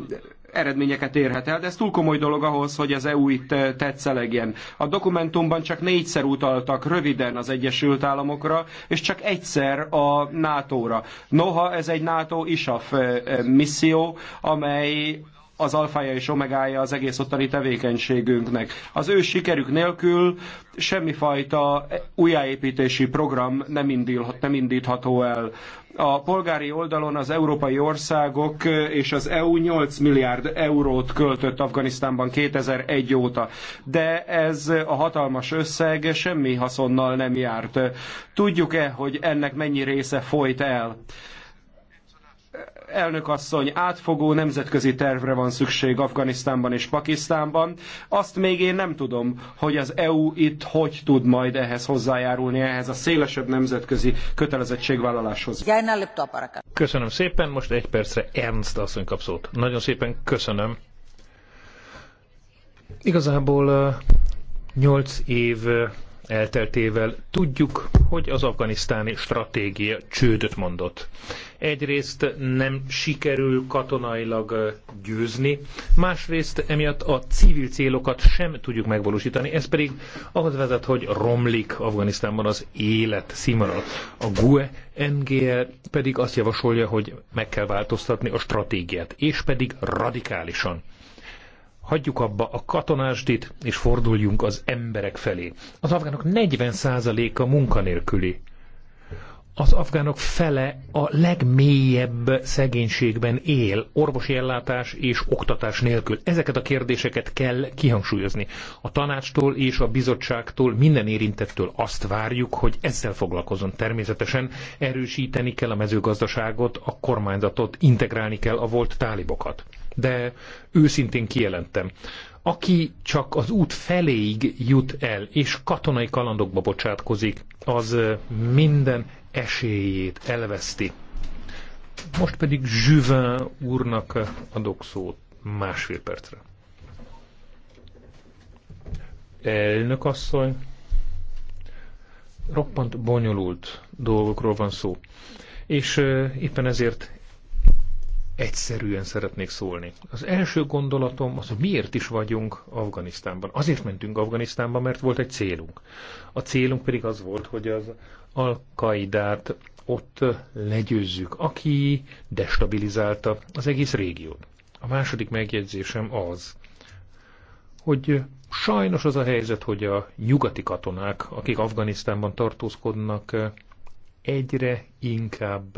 eredményeket érhet el, de ez túl komoly dolog ahhoz, hogy az EU itt eh, tetszelegjen. A dokumentumban csak négyszer utaltak röviden az Egyesült Államokra, és csak egyszer a NATO-ra. Noha ez egy NATO-ISAF eh, eh, misszió, amely az alfája és omegája az egész ottani tevékenységünknek. Az ő sikerük nélkül semmifajta újjáépítési program nem, indílhat, nem indítható el. A polgári oldalon az európai országok és az EU 8 milliárd eurót költött Afganisztánban 2001 óta, de ez a hatalmas összeg semmi haszonnal nem járt. Tudjuk-e, hogy ennek mennyi része folyt el? elnök asszony, átfogó nemzetközi tervre van szükség Afganisztánban és Pakisztánban. Azt még én nem tudom, hogy az EU itt hogy tud majd ehhez hozzájárulni, ehhez a szélesebb nemzetközi kötelezettségvállaláshoz. Köszönöm szépen, most egy percre Ernst asszony kap szót. Nagyon szépen köszönöm. Igazából 8 év elteltével tudjuk, hogy az afganisztáni stratégia csődöt mondott. Egyrészt nem sikerül katonailag győzni, másrészt emiatt a civil célokat sem tudjuk megvalósítani, ez pedig ahhoz vezet, hogy romlik Afganisztánban az élet színvonal. A GUE NGL pedig azt javasolja, hogy meg kell változtatni a stratégiát, és pedig radikálisan hagyjuk abba a katonástit, és forduljunk az emberek felé. Az afgánok 40%-a munkanélküli. Az afgánok fele a legmélyebb szegénységben él, orvosi ellátás és oktatás nélkül. Ezeket a kérdéseket kell kihangsúlyozni. A tanácstól és a bizottságtól, minden érintettől azt várjuk, hogy ezzel foglalkozon. Természetesen erősíteni kell a mezőgazdaságot, a kormányzatot, integrálni kell a volt tálibokat de őszintén kijelentem. Aki csak az út feléig jut el, és katonai kalandokba bocsátkozik, az minden esélyét elveszti. Most pedig Juvin úrnak adok szót másfél percre. Elnök asszony, roppant bonyolult dolgokról van szó. És éppen ezért egyszerűen szeretnék szólni. Az első gondolatom az, hogy miért is vagyunk Afganisztánban. Azért mentünk Afganisztánba, mert volt egy célunk. A célunk pedig az volt, hogy az Al-Qaidát ott legyőzzük, aki destabilizálta az egész régiót. A második megjegyzésem az, hogy sajnos az a helyzet, hogy a nyugati katonák, akik Afganisztánban tartózkodnak, egyre inkább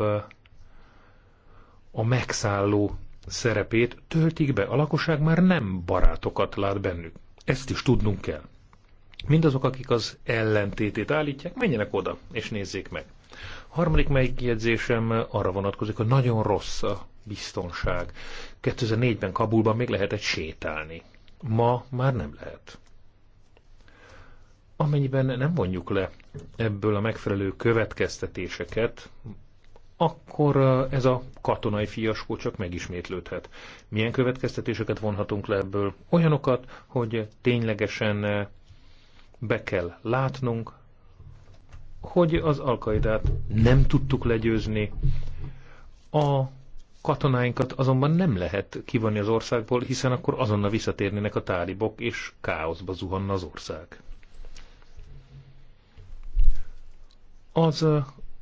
a megszálló szerepét töltik be. A lakosság már nem barátokat lát bennük. Ezt is tudnunk kell. Mindazok, akik az ellentétét állítják, menjenek oda és nézzék meg. A harmadik megjegyzésem arra vonatkozik, hogy nagyon rossz a biztonság. 2004-ben Kabulban még lehetett sétálni. Ma már nem lehet. Amennyiben nem vonjuk le ebből a megfelelő következtetéseket, akkor ez a katonai fiaskó csak megismétlődhet. Milyen következtetéseket vonhatunk le ebből? Olyanokat, hogy ténylegesen be kell látnunk, hogy az alkaidát nem tudtuk legyőzni, a katonáinkat azonban nem lehet kivonni az országból, hiszen akkor azonnal visszatérnének a tálibok, és káoszba zuhanna az ország. Az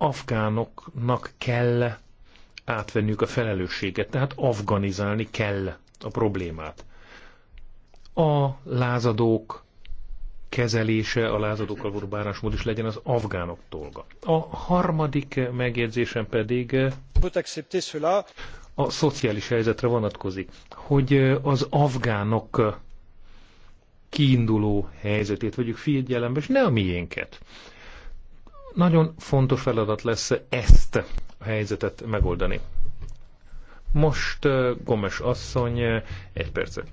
afgánoknak kell átvenniük a felelősséget, tehát afganizálni kell a problémát. A lázadók kezelése, a lázadókkal való bánásmód is legyen az afgánok dolga. A harmadik megjegyzésem pedig a szociális helyzetre vonatkozik, hogy az afgánok kiinduló helyzetét vegyük figyelembe, és ne a miénket. Nagyon fontos feladat lesz ezt a helyzetet megoldani. Most eh, Gomes asszony, eh, egy percet.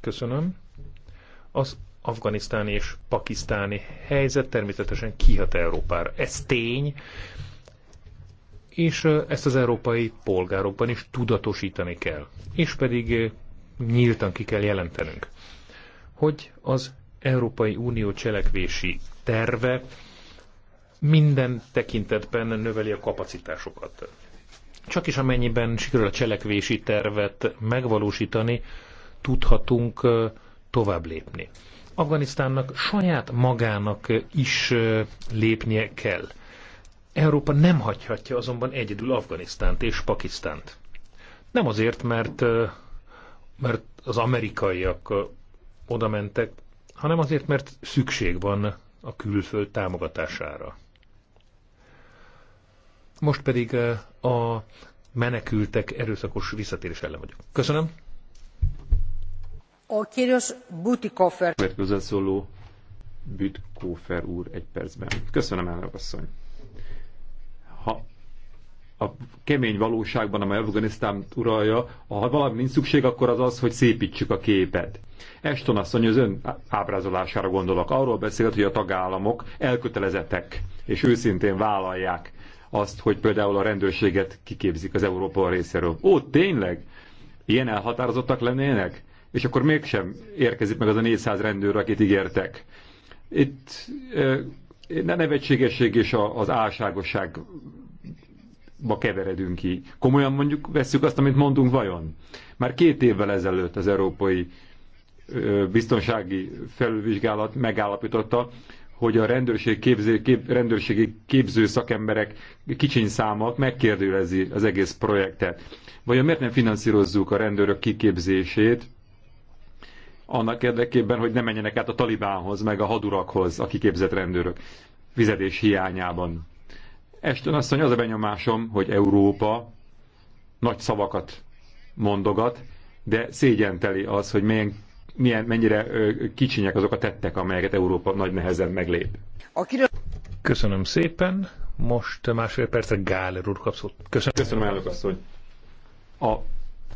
Köszönöm. Az afganisztáni és pakisztáni helyzet természetesen kihat Európára. Ez tény, és eh, ezt az európai polgárokban is tudatosítani kell. És pedig nyíltan ki kell jelentenünk, hogy az Európai Unió cselekvési terve minden tekintetben növeli a kapacitásokat. Csak is amennyiben sikerül a cselekvési tervet megvalósítani, tudhatunk tovább lépni. Afganisztánnak saját magának is lépnie kell. Európa nem hagyhatja azonban egyedül Afganisztánt és Pakisztánt. Nem azért, mert, mert az amerikaiak oda mentek, hanem azért, mert szükség van a külföld támogatására. Most pedig eh, a menekültek erőszakos visszatérés ellen vagyok. Köszönöm. A kérdés Butikofer. Következő szóló Butikofer úr egy percben. Köszönöm, elnök asszony. Ha a kemény valóságban, amely Afganisztán uralja, ha valami nincs szükség, akkor az az, hogy szépítsük a képet. Eston asszony az ön ábrázolására gondolok. Arról beszélt, hogy a tagállamok elkötelezettek, és őszintén vállalják azt, hogy például a rendőrséget kiképzik az Európa részéről. Ó, tényleg? Ilyen elhatározottak lennének? És akkor mégsem érkezik meg az a 400 rendőr, akit ígértek. Itt ne nevetségesség és az álságosság ba keveredünk ki. Komolyan mondjuk vesszük azt, amit mondunk vajon. Már két évvel ezelőtt az európai biztonsági felülvizsgálat megállapította, hogy a rendőrség képző, kép, rendőrségi képző szakemberek kicsiny száma megkérdőlezi az egész projektet. Vajon miért nem finanszírozzuk a rendőrök kiképzését annak érdekében, hogy ne menjenek át a talibánhoz, meg a hadurakhoz a kiképzett rendőrök fizetés hiányában? Eston asszony, az a benyomásom, hogy Európa nagy szavakat mondogat, de szégyenteli az, hogy milyen, milyen, mennyire kicsinyek azok a tettek, amelyeket Európa nagy nehezen meglép. Köszönöm szépen. Most másfél percre Gáler úr kap szót. Köszönöm, Köszönöm elnök asszony. A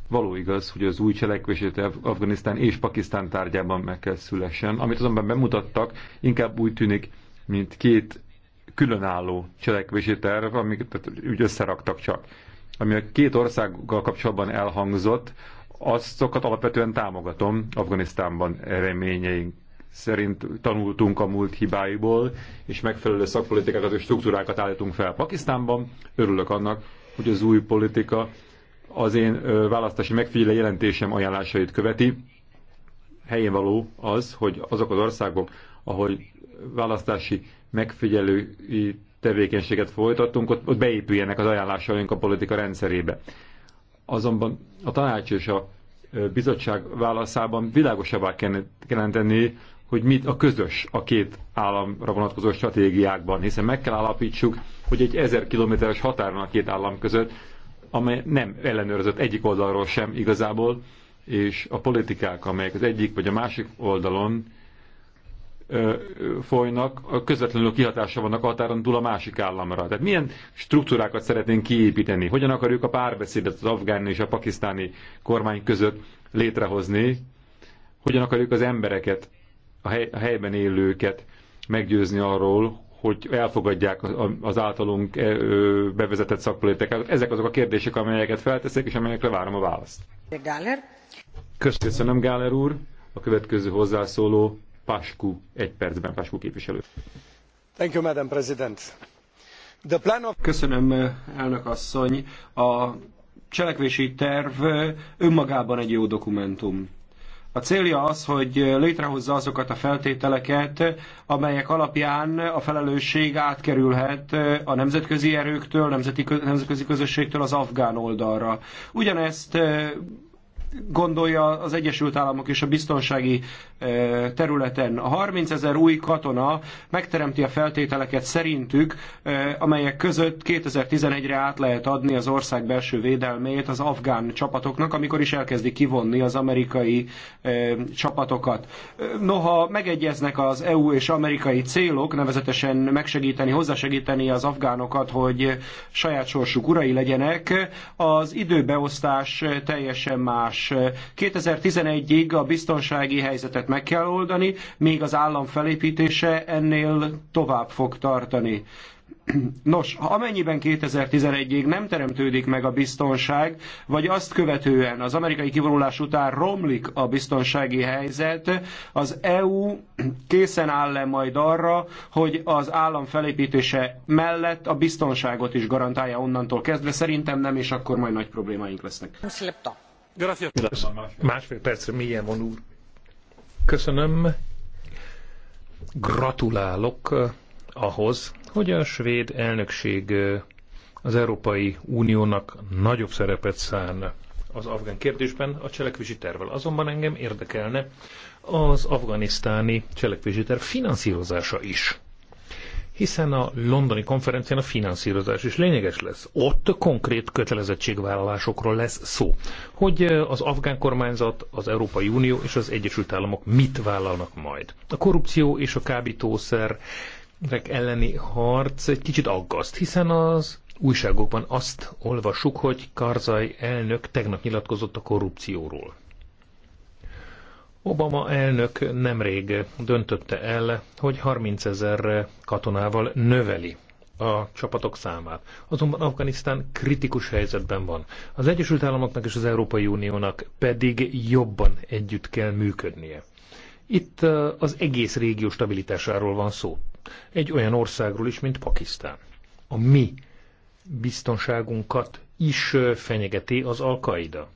való igaz, hogy az új cselekvését Afganisztán és Pakisztán tárgyában meg kell szülessen. Amit azonban bemutattak, inkább úgy tűnik, mint két különálló cselekvési terv, amit úgy összeraktak csak. Ami a két országgal kapcsolatban elhangzott, azokat alapvetően támogatom. Afganisztánban reményeink szerint tanultunk a múlt hibáiból, és megfelelő szakpolitikákat és struktúrákat állítunk fel. Pakisztánban örülök annak, hogy az új politika az én választási megfigyelő jelentésem ajánlásait követi. Helyén való az, hogy azok az országok, ahol választási megfigyelői tevékenységet folytattunk, ott, ott beépüljenek az ajánlásaink a politika rendszerébe. Azonban a tanács és a bizottság válaszában világosabbá kellene tenni, hogy mit a közös a két államra vonatkozó stratégiákban, hiszen meg kell állapítsuk, hogy egy ezer kilométeres határ van a két állam között, amely nem ellenőrzött egyik oldalról sem igazából, és a politikák, amelyek az egyik vagy a másik oldalon folynak, közvetlenül kihatása vannak a határon túl a másik államra. Tehát milyen struktúrákat szeretnénk kiépíteni? Hogyan akarjuk a párbeszédet az afgán és a pakisztáni kormány között létrehozni? Hogyan akarjuk az embereket, a, hely, a helyben élőket meggyőzni arról, hogy elfogadják az általunk e, bevezetett szakpolitikát. Ezek azok a kérdések, amelyeket felteszek, és amelyekre várom a választ. Köszönöm, Gáler úr. A következő hozzászóló Pascu, egy percben Pascu képviselő. Thank you, Madam President. The plan of... Köszönöm, elnök asszony. A cselekvési terv önmagában egy jó dokumentum. A célja az, hogy létrehozza azokat a feltételeket, amelyek alapján a felelősség átkerülhet a nemzetközi erőktől, nemzeti, nemzetközi közösségtől az afgán oldalra. Ugyanezt gondolja az Egyesült Államok és a biztonsági területen. A 30 ezer új katona megteremti a feltételeket szerintük, amelyek között 2011-re át lehet adni az ország belső védelmét az afgán csapatoknak, amikor is elkezdik kivonni az amerikai csapatokat. Noha megegyeznek az EU és amerikai célok, nevezetesen megsegíteni, hozzásegíteni az afgánokat, hogy saját sorsuk urai legyenek, az időbeosztás teljesen más megoldás. 2011-ig a biztonsági helyzetet meg kell oldani, még az állam felépítése ennél tovább fog tartani. Nos, amennyiben 2011-ig nem teremtődik meg a biztonság, vagy azt követően az amerikai kivonulás után romlik a biztonsági helyzet, az EU készen áll-e majd arra, hogy az állam felépítése mellett a biztonságot is garantálja onnantól kezdve? Szerintem nem, és akkor majd nagy problémáink lesznek. Másfél percre milyen van úr. Köszönöm. Gratulálok eh, ahhoz, hogy a svéd elnökség eh, az Európai Uniónak nagyobb szerepet szán az afgán kérdésben a cselekvési tervvel. Azonban engem érdekelne az afganisztáni cselekvési terv finanszírozása is hiszen a londoni konferencián a finanszírozás is lényeges lesz. Ott konkrét kötelezettségvállalásokról lesz szó, hogy az afgán kormányzat, az Európai Unió és az Egyesült Államok mit vállalnak majd. A korrupció és a kábítószer elleni harc egy kicsit aggaszt, hiszen az újságokban azt olvasuk, hogy Karzai elnök tegnap nyilatkozott a korrupcióról. Obama elnök nemrég döntötte el, hogy 30 ezer katonával növeli a csapatok számát. Azonban Afganisztán kritikus helyzetben van. Az Egyesült Államoknak és az Európai Uniónak pedig jobban együtt kell működnie. Itt az egész régió stabilitásáról van szó. Egy olyan országról is, mint Pakisztán. A mi biztonságunkat is fenyegeti az Al-Qaida.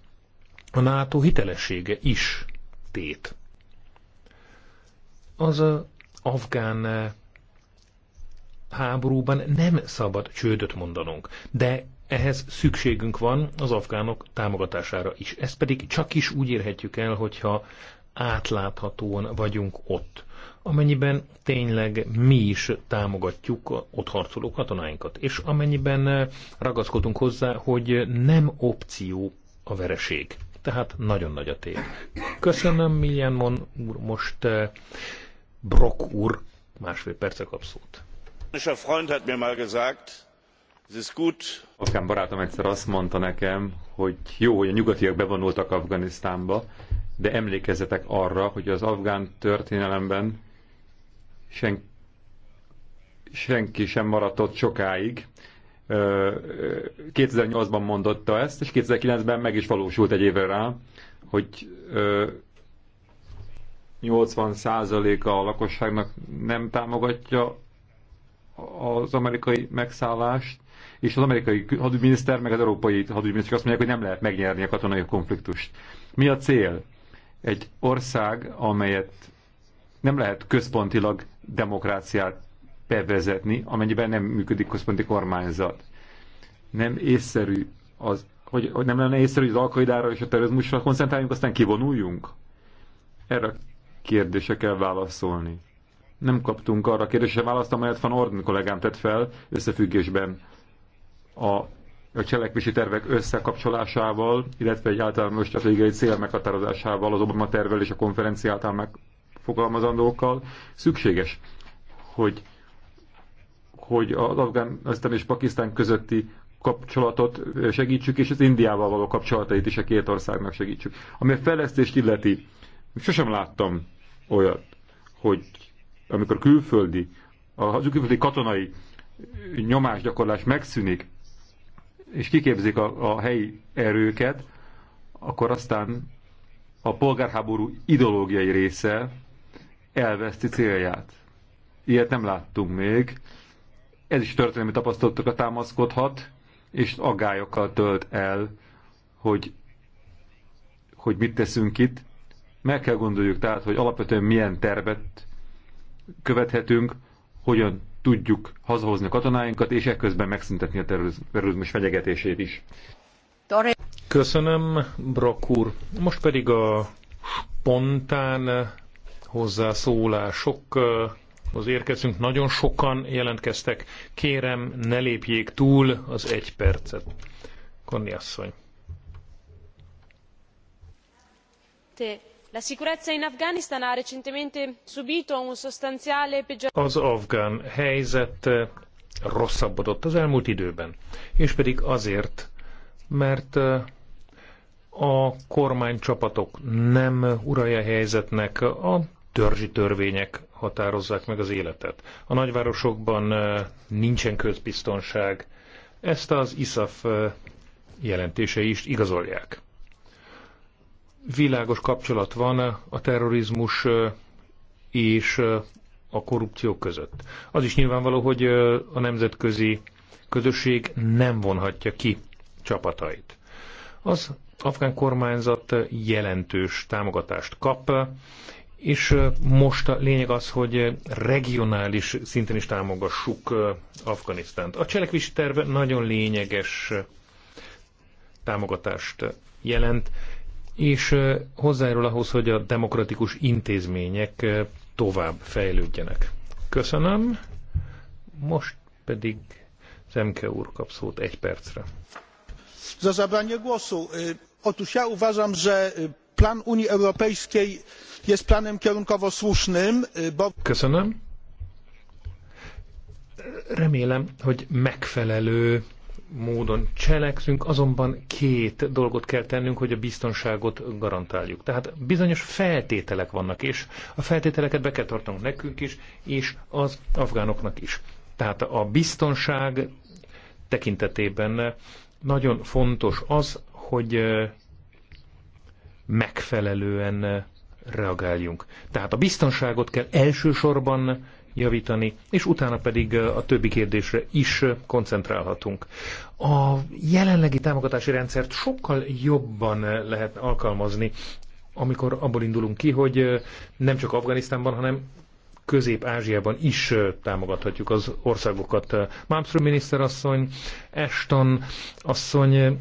A NATO hitelessége is tét. Az afgán háborúban nem szabad csődöt mondanunk, de ehhez szükségünk van az afgánok támogatására is. Ezt pedig csak is úgy érhetjük el, hogyha átláthatóan vagyunk ott, amennyiben tényleg mi is támogatjuk ott harcoló katonáinkat, és amennyiben ragaszkodunk hozzá, hogy nem opció a vereség. Tehát nagyon nagy a tét. Köszönöm, Milyen Mon úr, most eh, Brock úr másfél perce kap szót. A Freund hat mir mal gesagt, es ist gut. Akár barátom egyszer azt mondta nekem, hogy jó, hogy a nyugatiak bevonultak Afganisztánba, de emlékezzetek arra, hogy az afgán történelemben senki sem maradt ott sokáig, 2008-ban mondotta ezt, és 2009-ben meg is valósult egy évre rá, hogy 80%-a a lakosságnak nem támogatja az amerikai megszállást, és az amerikai hadügyminiszter, meg az európai hadügyminiszter azt mondják, hogy nem lehet megnyerni a katonai konfliktust. Mi a cél? Egy ország, amelyet nem lehet központilag demokráciát bevezetni, amennyiben nem működik központi kormányzat. Nem észszerű az, hogy, hogy nem lenne észszerű, hogy az alkaidára és a terrorizmusra koncentráljunk, aztán kivonuljunk? Erre a kérdése kell válaszolni. Nem kaptunk arra a kérdésre választ, amelyet Van Orden kollégám tett fel összefüggésben a, a cselekvési tervek összekapcsolásával, illetve egy általános stratégiai cél meghatározásával, az Obama tervel és a konferenciáltal megfogalmazandókkal szükséges, hogy hogy az Afganisztán és Pakisztán közötti kapcsolatot segítsük, és az Indiával való kapcsolatait is a két országnak segítsük. Ami a fejlesztést illeti, sosem láttam olyat, hogy amikor külföldi, a külföldi katonai nyomásgyakorlás megszűnik, és kiképzik a, a helyi erőket, akkor aztán a polgárháború ideológiai része elveszti célját. Ilyet nem láttunk még ez is történelmi tapasztalatokat támaszkodhat, és agályokkal tölt el, hogy, hogy mit teszünk itt. Meg kell gondoljuk tehát, hogy alapvetően milyen tervet követhetünk, hogyan tudjuk hazahozni a katonáinkat, és ekközben megszüntetni a terrorizmus fenyegetését is. Köszönöm, Brak úr. Most pedig a spontán hozzászólások az érkezünk, nagyon sokan jelentkeztek. Kérem, ne lépjék túl az egy percet. Konni asszony. La sicurezza in Afghanistan ha recentemente subito un sostanziale Az afgán helyzet eh, rosszabbodott az elmúlt időben, és pedig azért, mert eh, a kormánycsapatok nem uralja helyzetnek a törzsi törvények határozzák meg az életet. A nagyvárosokban nincsen közbiztonság, ezt az ISAF jelentései is igazolják. Világos kapcsolat van a terrorizmus és a korrupció között. Az is nyilvánvaló, hogy a nemzetközi közösség nem vonhatja ki csapatait. Az afgán kormányzat jelentős támogatást kap, és most a lényeg az, hogy regionális szinten is támogassuk Afganisztánt. A cselekvési terv nagyon lényeges támogatást jelent, és hozzájárul ahhoz, hogy a demokratikus intézmények tovább fejlődjenek. Köszönöm, most pedig Zemke úr kap szót egy percre. Za zabranie głosu. Otóż ja uważam, że plan unii europejskiej jest planem kierunkowo słusznym bo. köszönöm remélem hogy megfelelő módon cselekszünk, azonban két dolgot kell tennünk, hogy a biztonságot garantáljuk. Tehát bizonyos feltételek vannak, és a feltételeket be kell tartanunk nekünk is, és az afgánoknak is. Tehát a biztonság tekintetében nagyon fontos az, hogy megfelelően eh, reagáljunk. Tehát a biztonságot kell elsősorban javítani, és utána pedig eh, a többi kérdésre is koncentrálhatunk. A jelenlegi támogatási rendszert sokkal jobban eh, lehet alkalmazni, amikor abból indulunk ki, hogy nem csak Afganisztánban, hanem Közép-Ázsiában is támogathatjuk az országokat. Malmström miniszterasszony, Ashton asszony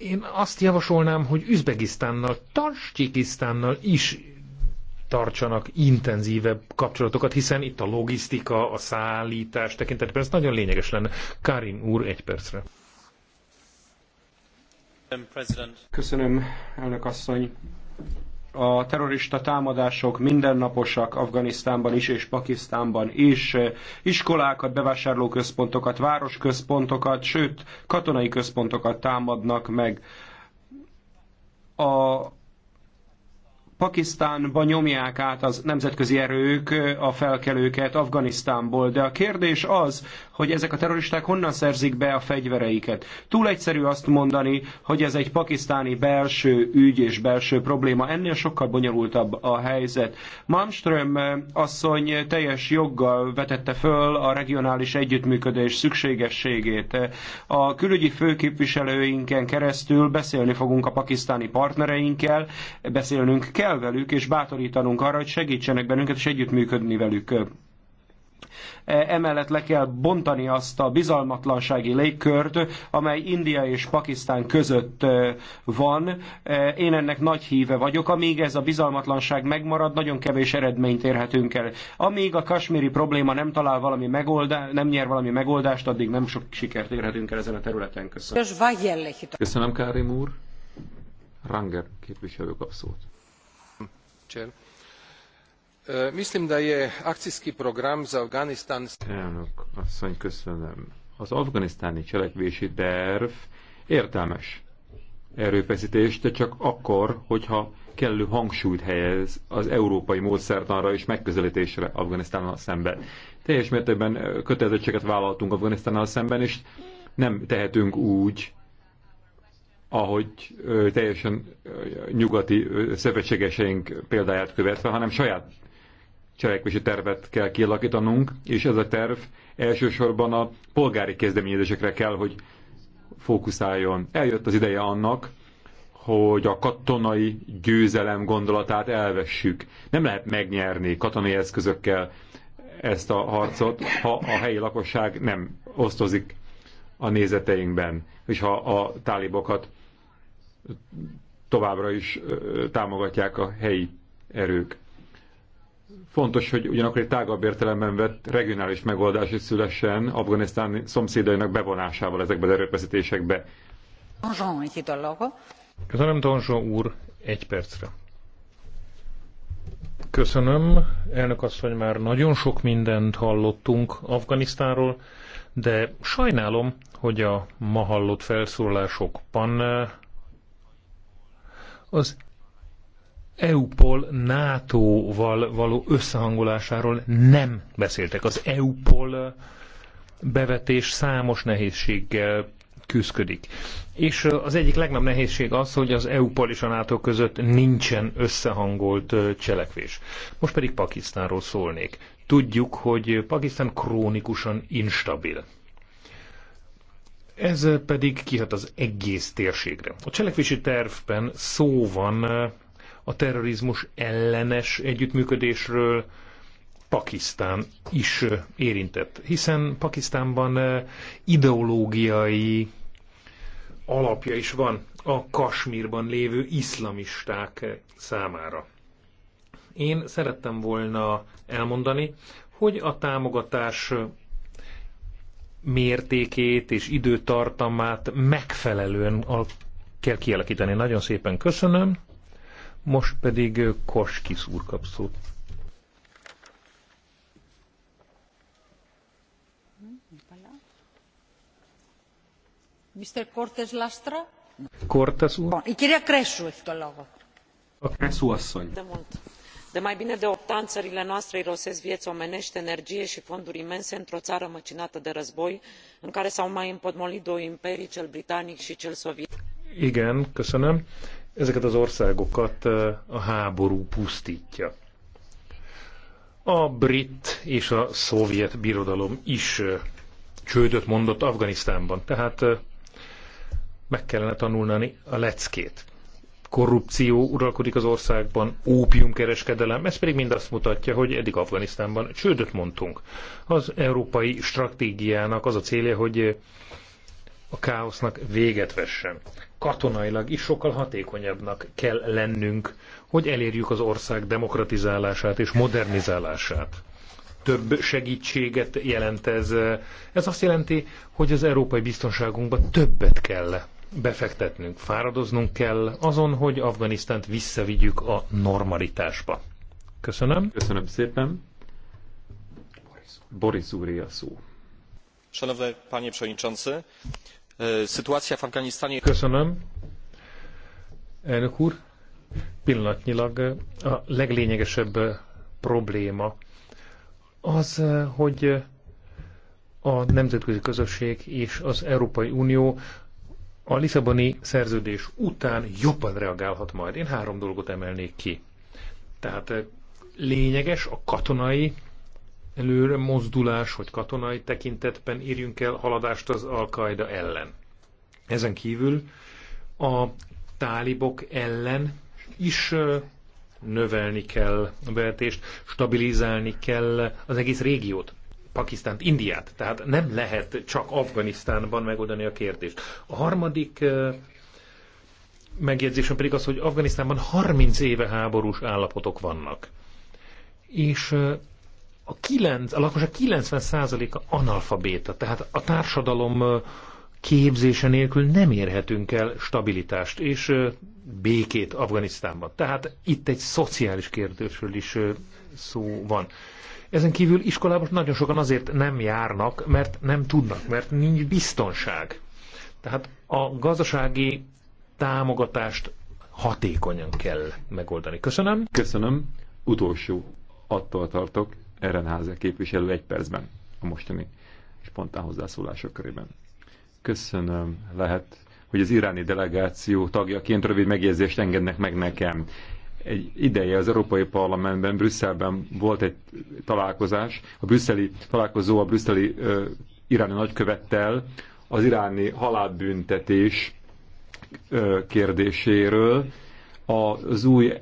én azt javasolnám, hogy Üzbegisztánnal, Tajikisztánnal is tartsanak intenzívebb kapcsolatokat, hiszen itt a logisztika, a szállítás tekintetben ez nagyon lényeges lenne. Karin úr, egy percre. Köszönöm, elnök asszony a terrorista támadások mindennaposak Afganisztánban is és Pakisztánban is. Iskolákat, bevásárlóközpontokat, városközpontokat, sőt, katonai központokat támadnak meg. A Pakisztánba nyomják át az nemzetközi erők a felkelőket Afganisztánból, de a kérdés az, hogy ezek a terroristák honnan szerzik be a fegyvereiket. Túl egyszerű azt mondani, hogy ez egy pakisztáni belső ügy és belső probléma. Ennél sokkal bonyolultabb a helyzet. Malmström asszony teljes joggal vetette föl a regionális együttműködés szükségességét. A külügyi főképviselőinken keresztül beszélni fogunk a pakisztáni partnereinkkel, beszélnünk kell kell velük, és bátorítanunk arra, hogy segítsenek bennünket, és együttműködni velük. E, emellett le kell bontani azt a bizalmatlansági légkört, amely India és Pakisztán között e, van. E, én ennek nagy híve vagyok. Amíg ez a bizalmatlanság megmarad, nagyon kevés eredményt érhetünk el. Amíg a kasmíri probléma nem talál valami megoldást, nem nyer valami megoldást, addig nem sok sikert érhetünk el ezen a területen. Köszönöm. Köszönöm, Kárim úr. Ranger képviselő kap szót. Chair. Mislim, da je akcijski program za Afganistan... Elnök asszony, köszönöm. Az afganisztáni cselekvési terv értelmes erőfeszítés, de csak akkor, hogyha kellő hangsúlyt helyez az európai módszertanra és megközelítésre Afganisztánnal szemben. Teljes mértékben kötelezettséget vállaltunk Afganisztánnal szemben, és nem tehetünk úgy, ahogy teljesen nyugati szövetségeseink példáját követve, hanem saját cselekvési tervet kell kialakítanunk, és ez a terv elsősorban a polgári kezdeményezésekre kell, hogy fókuszáljon. Eljött az ideje annak, hogy a katonai győzelem gondolatát elvessük. Nem lehet megnyerni katonai eszközökkel ezt a harcot, ha a helyi lakosság nem osztozik a nézeteinkben, és ha a tálibokat továbbra is támogatják a helyi erők. Fontos, hogy ugyanakkor egy tágabb értelemben vett regionális megoldás is szülessen Afganisztán szomszédainak bevonásával ezekbe az erőfeszítésekbe. Köszönöm, Tonzsó úr, egy percre. Köszönöm, elnök asszony, már nagyon sok mindent hallottunk Afganisztánról, de sajnálom, hogy a ma hallott felszólásokban az EUPOL NATO-val való összehangolásáról nem beszéltek. Az EUPOL bevetés számos nehézséggel küzdik. És az egyik legnagyobb nehézség az, hogy az EUPOL és a NATO között nincsen összehangolt cselekvés. Most pedig Pakisztánról szólnék. Tudjuk, hogy Pakisztán krónikusan instabil. Ez pedig kihat az egész térségre. A cselekvési tervben szó van a terrorizmus ellenes együttműködésről, Pakisztán is érintett, hiszen Pakisztánban ideológiai alapja is van a Kasmírban lévő iszlamisták számára. Én szerettem volna elmondani, hogy a támogatás mértékét és időtartamát megfelelően kell kialakítani. Nagyon szépen köszönöm. Most pedig Koskis úr kap szót. Mr. Cortes Lastra? Cortes úr? Oh, a Kresszú asszony. De mondta de mai bine de opt ani ările noastre irosesc viei omeneti energie i fonduri imense într o ară măcinată de război în care s au mai împotmolit două imperii cel britanic i cel sovietic. Igen, köszönöm. Ezeket az országokat eh, a háború pusztítja. A brit és a szovjet birodalom is eh, csődöt mondott Afganisztánban, tehát eh, meg kellene tanulni a leckét korrupció uralkodik az országban, ópiumkereskedelem, ez pedig mind azt mutatja, hogy eddig Afganisztánban csődöt mondtunk. Az európai stratégiának az a célja, hogy a káosznak véget vessen. Katonailag is sokkal hatékonyabbnak kell lennünk, hogy elérjük az ország demokratizálását és modernizálását. Több segítséget jelent ez. Ez azt jelenti, hogy az európai biztonságunkba többet kell befektetnünk, fáradoznunk kell azon, hogy Afganisztánt visszavigyük a normalitásba. Köszönöm. Köszönöm szépen. Boris úr a szó. Szanowny panie przewodniczący, e, sytuacja w Afganistanie... Köszönöm. Elnök úr, pillanatnyilag a leglényegesebb probléma az, hogy a nemzetközi közösség és az Európai Unió a Lisszaboni szerződés után jobban reagálhat majd. Én három dolgot emelnék ki. Tehát eh, lényeges a katonai előre mozdulás, hogy katonai tekintetben írjunk el haladást az al ellen. Ezen kívül a tálibok ellen is eh, növelni kell a bevetést, stabilizálni kell az egész régiót. Pakisztánt, Indiát. Tehát nem lehet csak Afganisztánban megoldani a kérdést. A harmadik megjegyzésem pedig az, hogy Afganisztánban 30 éve háborús állapotok vannak. És a, 9, a lakosság 90%-a analfabéta, tehát a társadalom képzése nélkül nem érhetünk el stabilitást és békét Afganisztánban. Tehát itt egy szociális kérdésről is szó van. Ezen kívül iskolában nagyon sokan azért nem járnak, mert nem tudnak, mert nincs biztonság. Tehát a gazdasági támogatást hatékonyan kell megoldani. Köszönöm. Köszönöm. Utolsó attól tartok, Erenháze képviselő egy percben a mostani spontán hozzászólások körében. Köszönöm. Lehet, hogy az iráni delegáció tagjaként rövid megjegyzést engednek meg nekem egy ideje az Európai Parlamentben, Brüsszelben volt egy találkozás, a brüsszeli találkozó a brüsszeli ö, iráni nagykövettel az iráni halálbüntetés ö, kérdéséről. Az új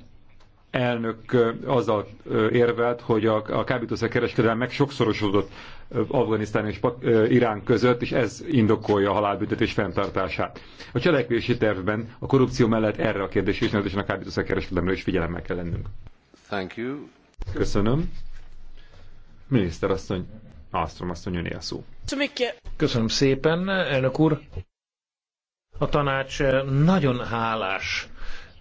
elnök azzal érvelt, hogy a, a kábítószer kereskedelem meg sokszorosodott Afganisztán és Irán között, és ez indokolja a halálbüntetés fenntartását. A cselekvési tervben a korrupció mellett erre a kérdésre is, nevezetesen a kábítószerkereskedelemre is figyelemmel kell lennünk. Thank you. Köszönöm. Miniszter asszony, Ástrom asszony, jön a szó. Köszönöm szépen, elnök úr. A tanács nagyon hálás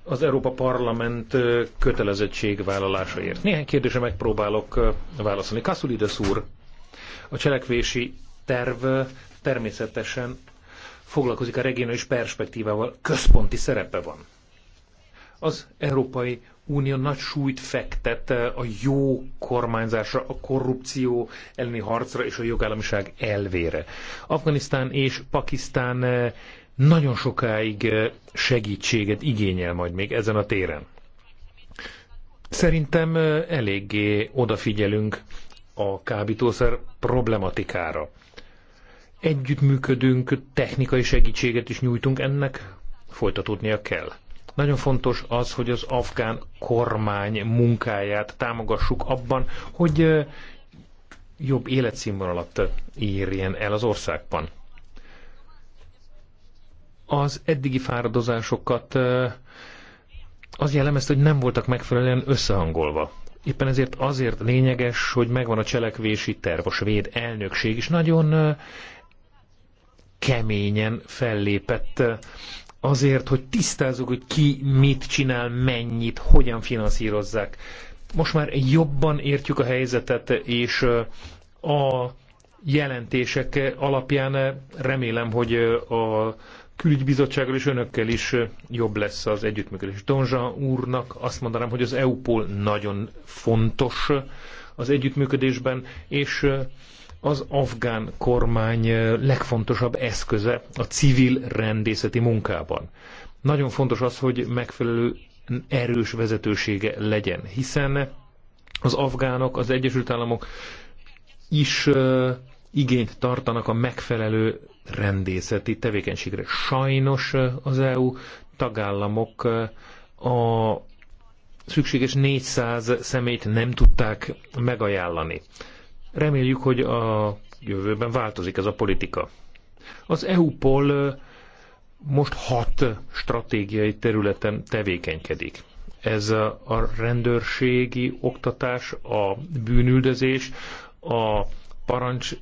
az Európa Parlament kötelezettségvállalásaért. Néhány kérdésre megpróbálok válaszolni. Kasulides úr a cselekvési terv természetesen foglalkozik a regionális perspektívával, központi szerepe van. Az Európai Unió nagy súlyt fektet a jó kormányzásra, a korrupció elleni harcra és a jogállamiság elvére. Afganisztán és Pakisztán eh, nagyon sokáig eh, segítséget igényel majd még ezen a téren. Szerintem eh, eléggé odafigyelünk a kábítószer problematikára. Együttműködünk, technikai segítséget is nyújtunk, ennek folytatódnia kell. Nagyon fontos az, hogy az afgán kormány munkáját támogassuk abban, hogy jobb életszínvonalat érjen el az országban. Az eddigi fáradozásokat az jellemezte, hogy nem voltak megfelelően összehangolva. Éppen ezért azért lényeges, hogy megvan a cselekvési terv. A svéd elnökség is nagyon keményen fellépett azért, hogy tisztázzuk, hogy ki mit csinál, mennyit, hogyan finanszírozzák. Most már jobban értjük a helyzetet, és a jelentések alapján remélem, hogy a külügybizottsággal és önökkel is jobb lesz az együttműködés. Donzsa úrnak azt mondanám, hogy az EU EU-pól nagyon fontos az együttműködésben, és az afgán kormány legfontosabb eszköze a civil rendészeti munkában. Nagyon fontos az, hogy megfelelő erős vezetősége legyen, hiszen az afgánok, az Egyesült Államok is igényt tartanak a megfelelő rendészeti tevékenységre. Sajnos eh, az EU tagállamok eh, a szükséges 400 szemét nem tudták megajánlani. Reméljük, hogy a jövőben változik ez a politika. Az EU-pol eh, most hat stratégiai területen tevékenykedik. Ez a rendőrségi oktatás, a bűnüldözés, a parancs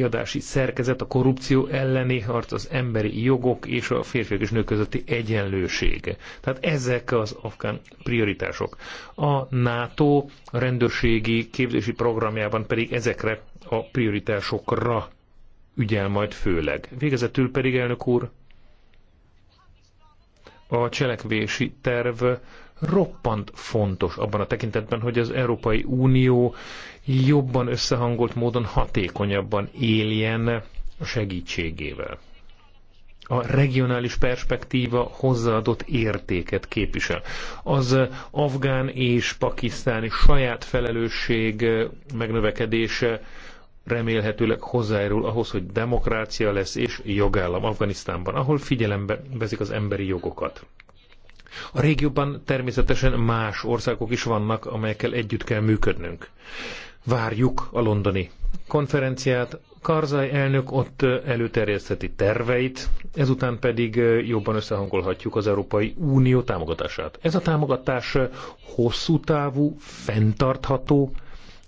kiadási szerkezet, a korrupció elleni harc, az emberi jogok és a férfiak és nők közötti egyenlőség. Tehát ezek az afgán prioritások. A NATO rendőrségi képzési programjában pedig ezekre a prioritásokra ügyel majd főleg. Végezetül pedig, elnök úr, a cselekvési terv roppant fontos abban a tekintetben, hogy az Európai Unió jobban összehangolt módon hatékonyabban éljen a segítségével. A regionális perspektíva hozzáadott értéket képvisel. Az afgán és pakisztáni saját felelősség megnövekedése remélhetőleg hozzájárul ahhoz, hogy demokrácia lesz és jogállam Afganisztánban, ahol figyelembe veszik az emberi jogokat. A régióban természetesen más országok is vannak, amelyekkel együtt kell működnünk. Várjuk a londoni konferenciát, Karzai elnök ott előterjeszteti terveit, ezután pedig jobban összehangolhatjuk az Európai Unió támogatását. Ez a támogatás hosszú távú, fenntartható,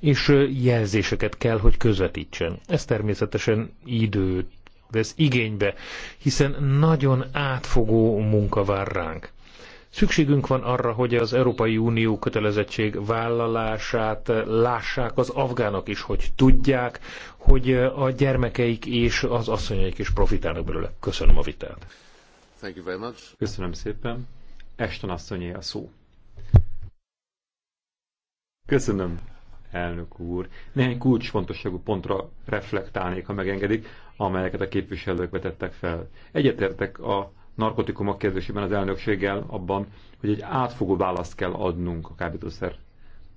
és jelzéseket kell, hogy közvetítsen. Ez természetesen időt vesz igénybe, hiszen nagyon átfogó munka vár ránk. Szükségünk van arra, hogy az Európai Unió kötelezettség vállalását lássák az afgánok is, hogy tudják, hogy a gyermekeik és az asszonyaik is profitálnak belőle. Köszönöm a vitát. Thank you very much. Köszönöm szépen. Eston asszonyé a szó. Köszönöm, elnök úr. Néhány kulcsfontosságú pontra reflektálnék, ha megengedik, amelyeket a képviselők vetettek fel. Egyetértek a narkotikumok kérdésében az elnökséggel abban, hogy egy átfogó választ kell adnunk a kábítószer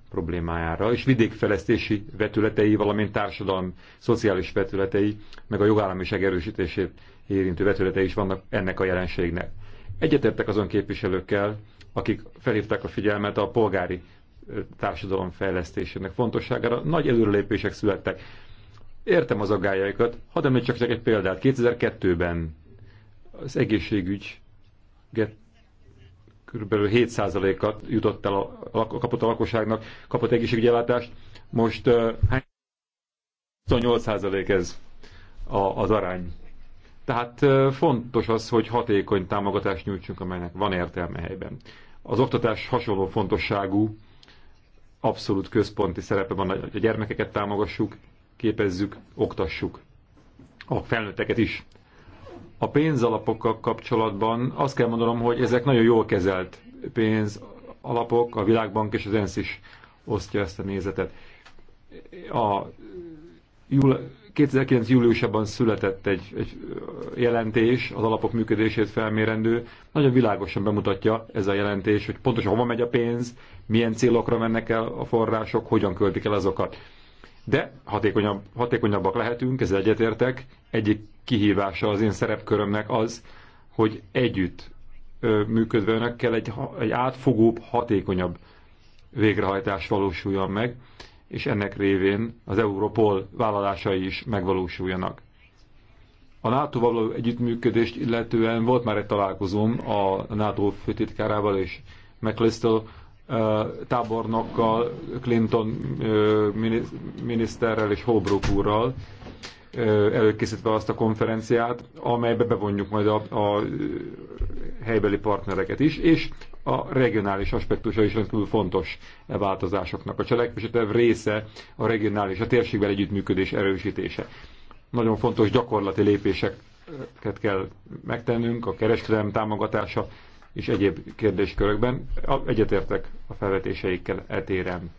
problémájára, és vidékfejlesztési vetületei, valamint társadalmi, szociális vetületei, meg a jogállamiság erősítését érintő vetületei is vannak ennek a jelenségnek. Egyetértek azon képviselőkkel, akik felhívták a figyelmet a polgári társadalom fejlesztésének fontosságára. Nagy előrelépések születtek. Értem az aggájaikat, hadd említsek csak egy példát. 2002-ben az egészségügy kb. 7%-at jutott el a, kapott a lakosságnak, kapott egészségügyi ellátást. Most 28% ez a, az arány. Tehát fontos az, hogy hatékony támogatást nyújtsunk, amelynek van értelme helyben. Az oktatás hasonló fontosságú, abszolút központi szerepe van, hogy a gyermekeket támogassuk, képezzük, oktassuk. A felnőtteket is a pénzalapokkal kapcsolatban azt kell mondanom, hogy ezek nagyon jól kezelt pénzalapok, a Világbank és az ENSZ is osztja ezt a nézetet. A 2009. júliusában született egy, egy jelentés, az alapok működését felmérendő. Nagyon világosan bemutatja ez a jelentés, hogy pontosan hova megy a pénz, milyen célokra mennek el a források, hogyan költik el azokat. De hatékonyabb, hatékonyabbak lehetünk, ez egyetértek. Egyik kihívása az én szerepkörömnek az, hogy együtt működve önökkel egy, egy átfogóbb, hatékonyabb végrehajtás valósuljon meg, és ennek révén az Europol vállalásai is megvalósuljanak. A NATO való együttműködést illetően volt már egy találkozóm a NATO főtitkárával és McListel tábornokkal, Clinton miniszterrel és Holbrook úrral, előkészítve azt a konferenciát, amelybe bevonjuk majd a, a helybeli partnereket is, és a regionális aspektusa is rendkívül fontos e változásoknak. A cselekvési terv része a regionális, a térségbeli együttműködés erősítése. Nagyon fontos gyakorlati lépéseket kell megtennünk, a kereskedelem támogatása és egyéb kérdéskörökben. Egyetértek a felvetéseikkel etéren.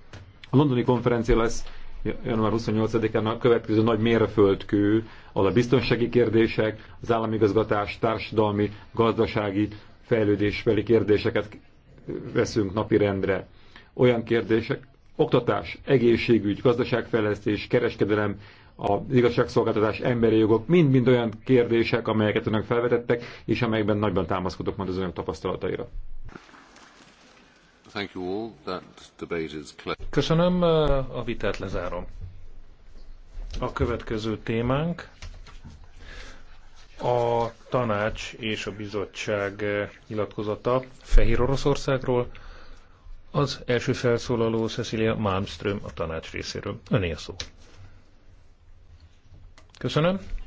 A londoni konferencia lesz január 28-án a következő nagy mérföldkő, ahol a biztonsági kérdések, az államigazgatás, társadalmi, gazdasági fejlődésbeli kérdéseket veszünk napirendre. Olyan kérdések, oktatás, egészségügy, gazdaságfejlesztés, kereskedelem, az igazságszolgáltatás, emberi jogok, mind-mind olyan kérdések, amelyeket önök felvetettek, és amelyekben nagyban támaszkodok majd az önök tapasztalataira. Köszönöm, a vitát lezárom. A következő témánk a tanács és a bizottság nyilatkozata Fehér Oroszországról. Az első felszólaló Cecilia Malmström a tanács részéről. Öné a szó. Köszönöm.